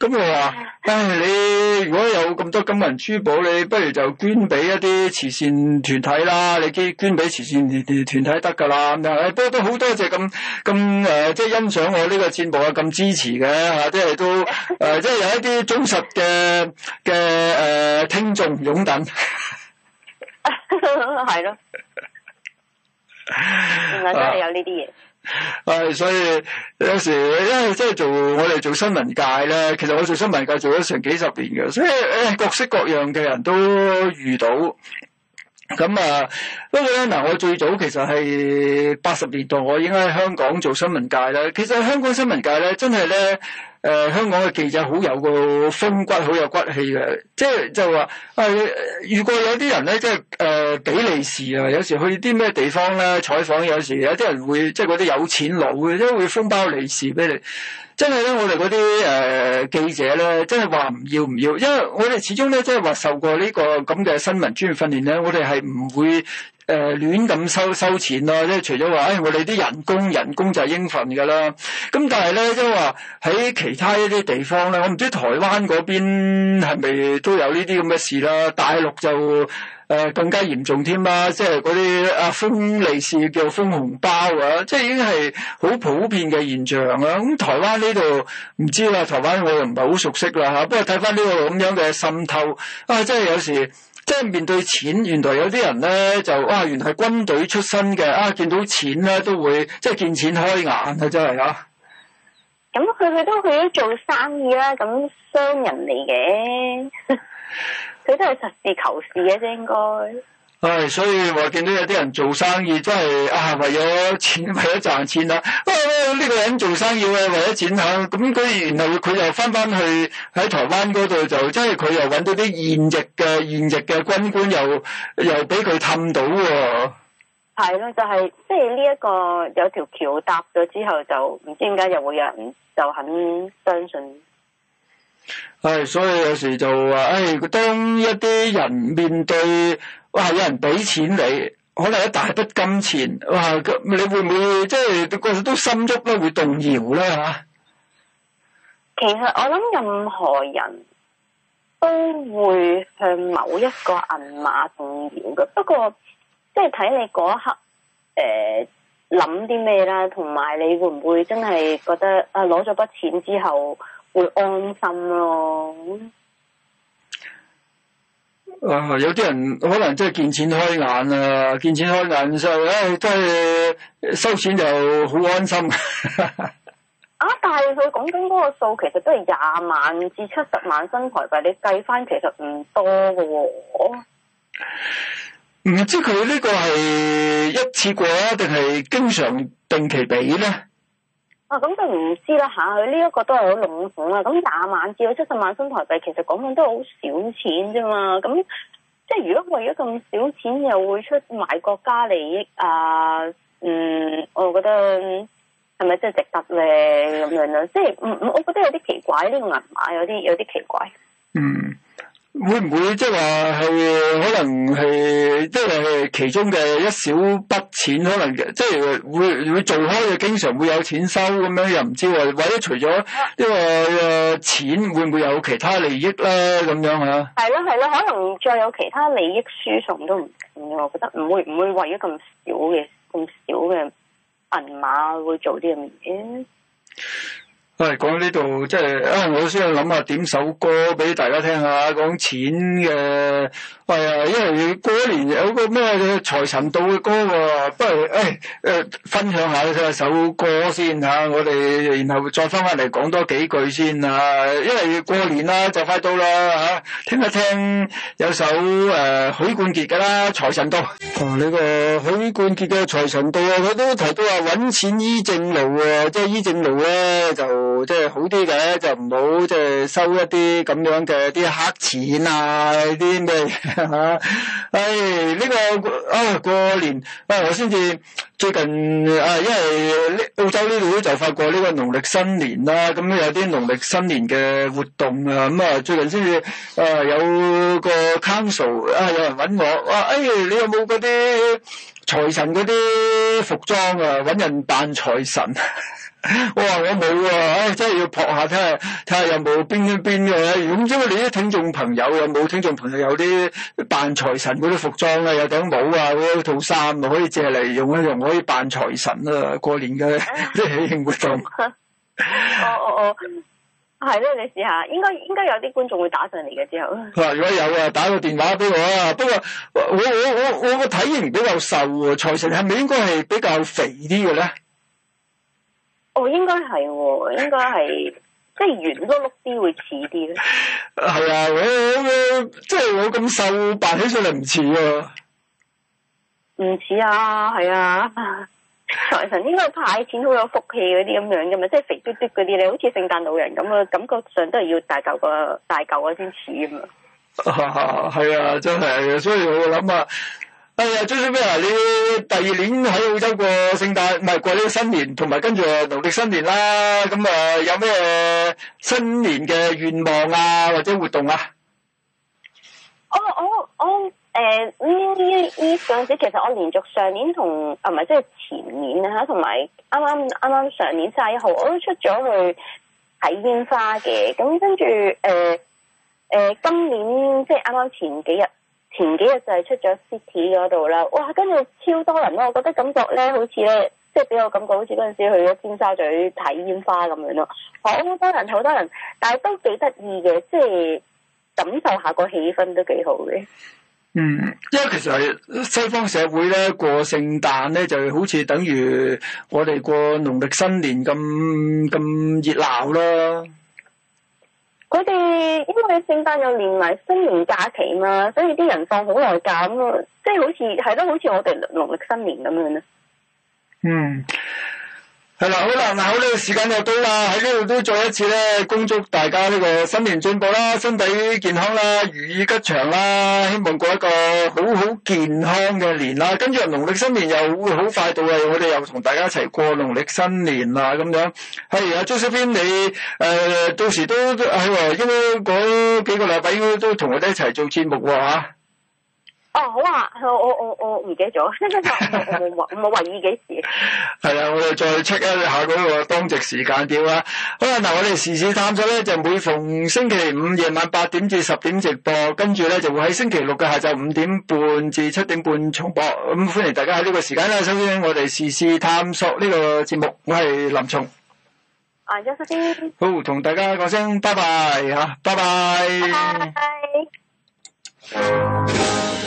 咁我話：唉，你如果有咁多金銀珠寶，你不如就捐俾一啲慈善團體啦。你捐捐俾慈善團團體得㗎啦。咁樣唉，不過都都好多謝咁咁誒，即係欣賞我呢個節目嘅咁支持嘅嚇、啊，即係都誒、呃，即係有一啲忠實嘅嘅誒聽眾擁躉，係咯。原來真係有呢啲嘢，誒，所以有時，因為真係做我哋做新聞界咧，其實我做新聞界做咗成幾十年嘅，所以各式各樣嘅人都遇到。咁啊，不過咧嗱，我最早其實係八十年代，我已經喺香港做新聞界喇。其實香港新聞界咧，真係咧。誒、呃、香港嘅記者好有個風骨，好有骨氣嘅，即係就話、是、啊、哎，如果有啲人咧，即係誒俾利是啊，有時去啲咩地方咧採訪，有時有啲人會即係嗰啲有錢佬嘅，即係會封包利是俾你。真係咧，我哋嗰啲誒記者咧，真係話唔要唔要，因為我哋始終咧，即係話受過呢個咁嘅新聞專業訓練咧，我哋係唔會。誒、呃、亂咁收收錢啦，即係除咗話，誒、哎、我哋啲人工人工就係應份㗎啦。咁但係咧，即係話喺其他一啲地方咧，我唔知台灣嗰邊係咪都有呢啲咁嘅事啦。大陸就誒、呃、更加嚴重添啦，即係嗰啲封利是叫封紅包啊，即係已經係好普遍嘅現象啦。咁、嗯、台灣呢度唔知啦，台灣我又唔係好熟悉啦嚇。不過睇翻呢個咁樣嘅滲透，啊，即係有時。即係面對錢，原來有啲人咧就啊，原來係軍隊出身嘅，啊見到錢咧都會即係見錢開眼啊！真係啊！咁佢佢都去咗做生意啦，啊，咁商人嚟嘅，佢 都係實事求是嘅啫，應該。係，所以我見到有啲人做生意，真係啊，為咗錢，為咗賺錢啦。啊，呢、啊啊這個人做生意啊，為咗錢吓。咁佢，然後佢又翻翻去喺台灣嗰度，就真係佢又搵到啲現役嘅現役嘅軍官，又又俾佢氹到喎。係咯，就係即係呢一個有條橋搭咗之後就，就唔知點解又會有人就肯相信。係，所以有時就話，誒，當一啲人面對。哇！有人俾錢你，可能一大筆金錢，哇！咁你會唔會即係個都心足咧？會動搖咧吓？其實我諗任何人都會向某一個銀碼動搖嘅，不過即係睇你嗰一刻誒諗啲咩啦，同埋你會唔會真係覺得啊攞咗筆錢之後會安心咯？啊！有啲人可能真係見錢開眼啊，見錢開眼，所以真係、哎、收錢就好安心。 啊！但係佢講緊嗰個數，其實都係廿萬至七十萬新台幣，你計翻其實唔多㗎喎，哦。唔知佢呢個係一次過啊，定係經常定期俾咧？啊，咁就唔知啦吓，佢呢一個都係好籠統啊，咁廿萬至到七十萬新台幣，其實講緊都係好少錢啫嘛，咁即係如果為咗咁少錢又會出賣國家利益啊？嗯，我覺得係咪真係值得咧？咁樣咧，即係唔，我覺得有啲奇怪呢個銀碼，有啲有啲奇怪。這個、奇怪嗯。會唔會即係話，係可能係即係其中嘅一小筆錢，可能即係會會做開嘅，經常會有錢收咁樣，又唔知話或者除咗呢個嘅錢，會唔會有其他利益啦咁樣吓？係咯係咯，可能再有其他利益輸送都唔緊要，我覺得唔會唔會為咗咁少嘅咁少嘅銀碼會做啲咁嘅嘢。喂，講、哎、到呢度，即係、哎哎啊，哎呃、啊，我先去諗下點首歌俾大家聽下，講錢嘅，係啊，因為過年有個咩財神到嘅歌喎，不如誒誒分享下首歌先吓，我哋然後再翻翻嚟講多幾句先吓，因為過年啦就快到啦吓、啊，聽一聽有首誒許、呃、冠杰嘅啦，財神到。同、哦、你個許冠傑嘅財神到，啊，佢都提到話搵錢依正路喎，即係依正路啊就。即係好啲嘅，就唔好即係收一啲咁樣嘅啲黑錢啊，啲咩嚇？唉，呢個啊過年啊，我先至最近啊，因為澳洲呢度就發覺呢個農曆新年啦，咁有啲農曆新年嘅活動啊，咁啊最近先至啊有個 Council 啊有人揾我話：唉，你有冇嗰啲財神嗰啲服裝啊？揾人扮財神。我話我冇啊！哎，真係要撲下睇下睇下有冇邊一邊嘅。咁即係你啲聽眾朋友有冇聽眾朋友有啲扮財神嗰啲服裝啊，有頂帽啊，嗰套衫啊，可以借嚟用一用，可以扮財神啊！過年嘅啲喜慶活動 哦。哦哦哦，係咧，你試下，應該應該有啲觀眾會打上嚟嘅。之後，嗱，如果有啊，打個電話俾我啊。不過我我我我個體型比較瘦啊，財神係咪應該係比較肥啲嘅咧？哦、oh，應該係，應該係，即係圓碌碌啲會似啲咧。係 啊，即係我咁瘦，扮起上嚟唔似啊。唔似啊，係啊，財神應該派錢好有福氣嗰啲咁樣噶嘛，即係肥嘟嘟嗰啲你好似聖誕老人咁啊，感覺上都係要大嚿個大嚿嗰先似噶嘛。係 啊，啊，真係，所以我諗啊。哎呀 Jason 你第二年喺澳洲過聖誕，唔係過呢個新年，同埋跟住農曆新年啦。咁啊，有咩新年嘅願望啊，或者活動啊？哦，我我誒呢呢上陣時，其實我連續上年同啊，唔係即係前年啦嚇，同埋啱啱啱啱上年卅一號，我都出咗去睇煙花嘅。咁跟住誒誒，今年即係啱啱前幾日。前幾日就係出咗 City 嗰度啦，哇！跟住超多人咯。我覺得感覺咧，好似咧，即係俾我感覺好似嗰陣時去咗尖沙咀睇煙花咁樣咯，好多人，好多人，但係都幾得意嘅，即係感受下個氣氛都幾好嘅。嗯，因為其實係西方社會咧，過聖誕咧，就好似等於我哋過農曆新年咁咁熱鬧咯。佢哋因為聖誕又連埋新年假期嘛，所以啲人放好耐假咁啊，即係好似係咯，好似我哋農曆新年咁樣啦。嗯。係啦，好啦，嗱，好呢個時間又到啦，喺呢度都再一次咧，恭祝大家呢個新年進步啦，身體健康啦，如意吉祥啦，希望過一個好好健康嘅年啦。跟住農曆新年又會好快到啦，我哋又同大家一齊過農曆新年啦，咁樣。係阿朱小兵，ine, 你，誒、呃，到時都喺應該嗰幾個禮拜都同我哋一齊做節目喎，吓。哦，好啊、oh, oh, oh, oh, oh, 我我我我唔記得咗，冇我我懷疑幾時？係啊，我哋再 check 一下嗰個當值時間表啊。好啦，嗱、嗯，我哋時事探索咧，就每逢星期五夜晚八點至十點直播，跟住咧就會喺星期六嘅下晝五點半至七點半重播。咁、嗯、歡迎大家喺呢個時間啦。首先，我哋時事探索呢個節目，我係林松。Bye bye, 啊，休息先。好，同大家講聲拜拜吓，拜拜。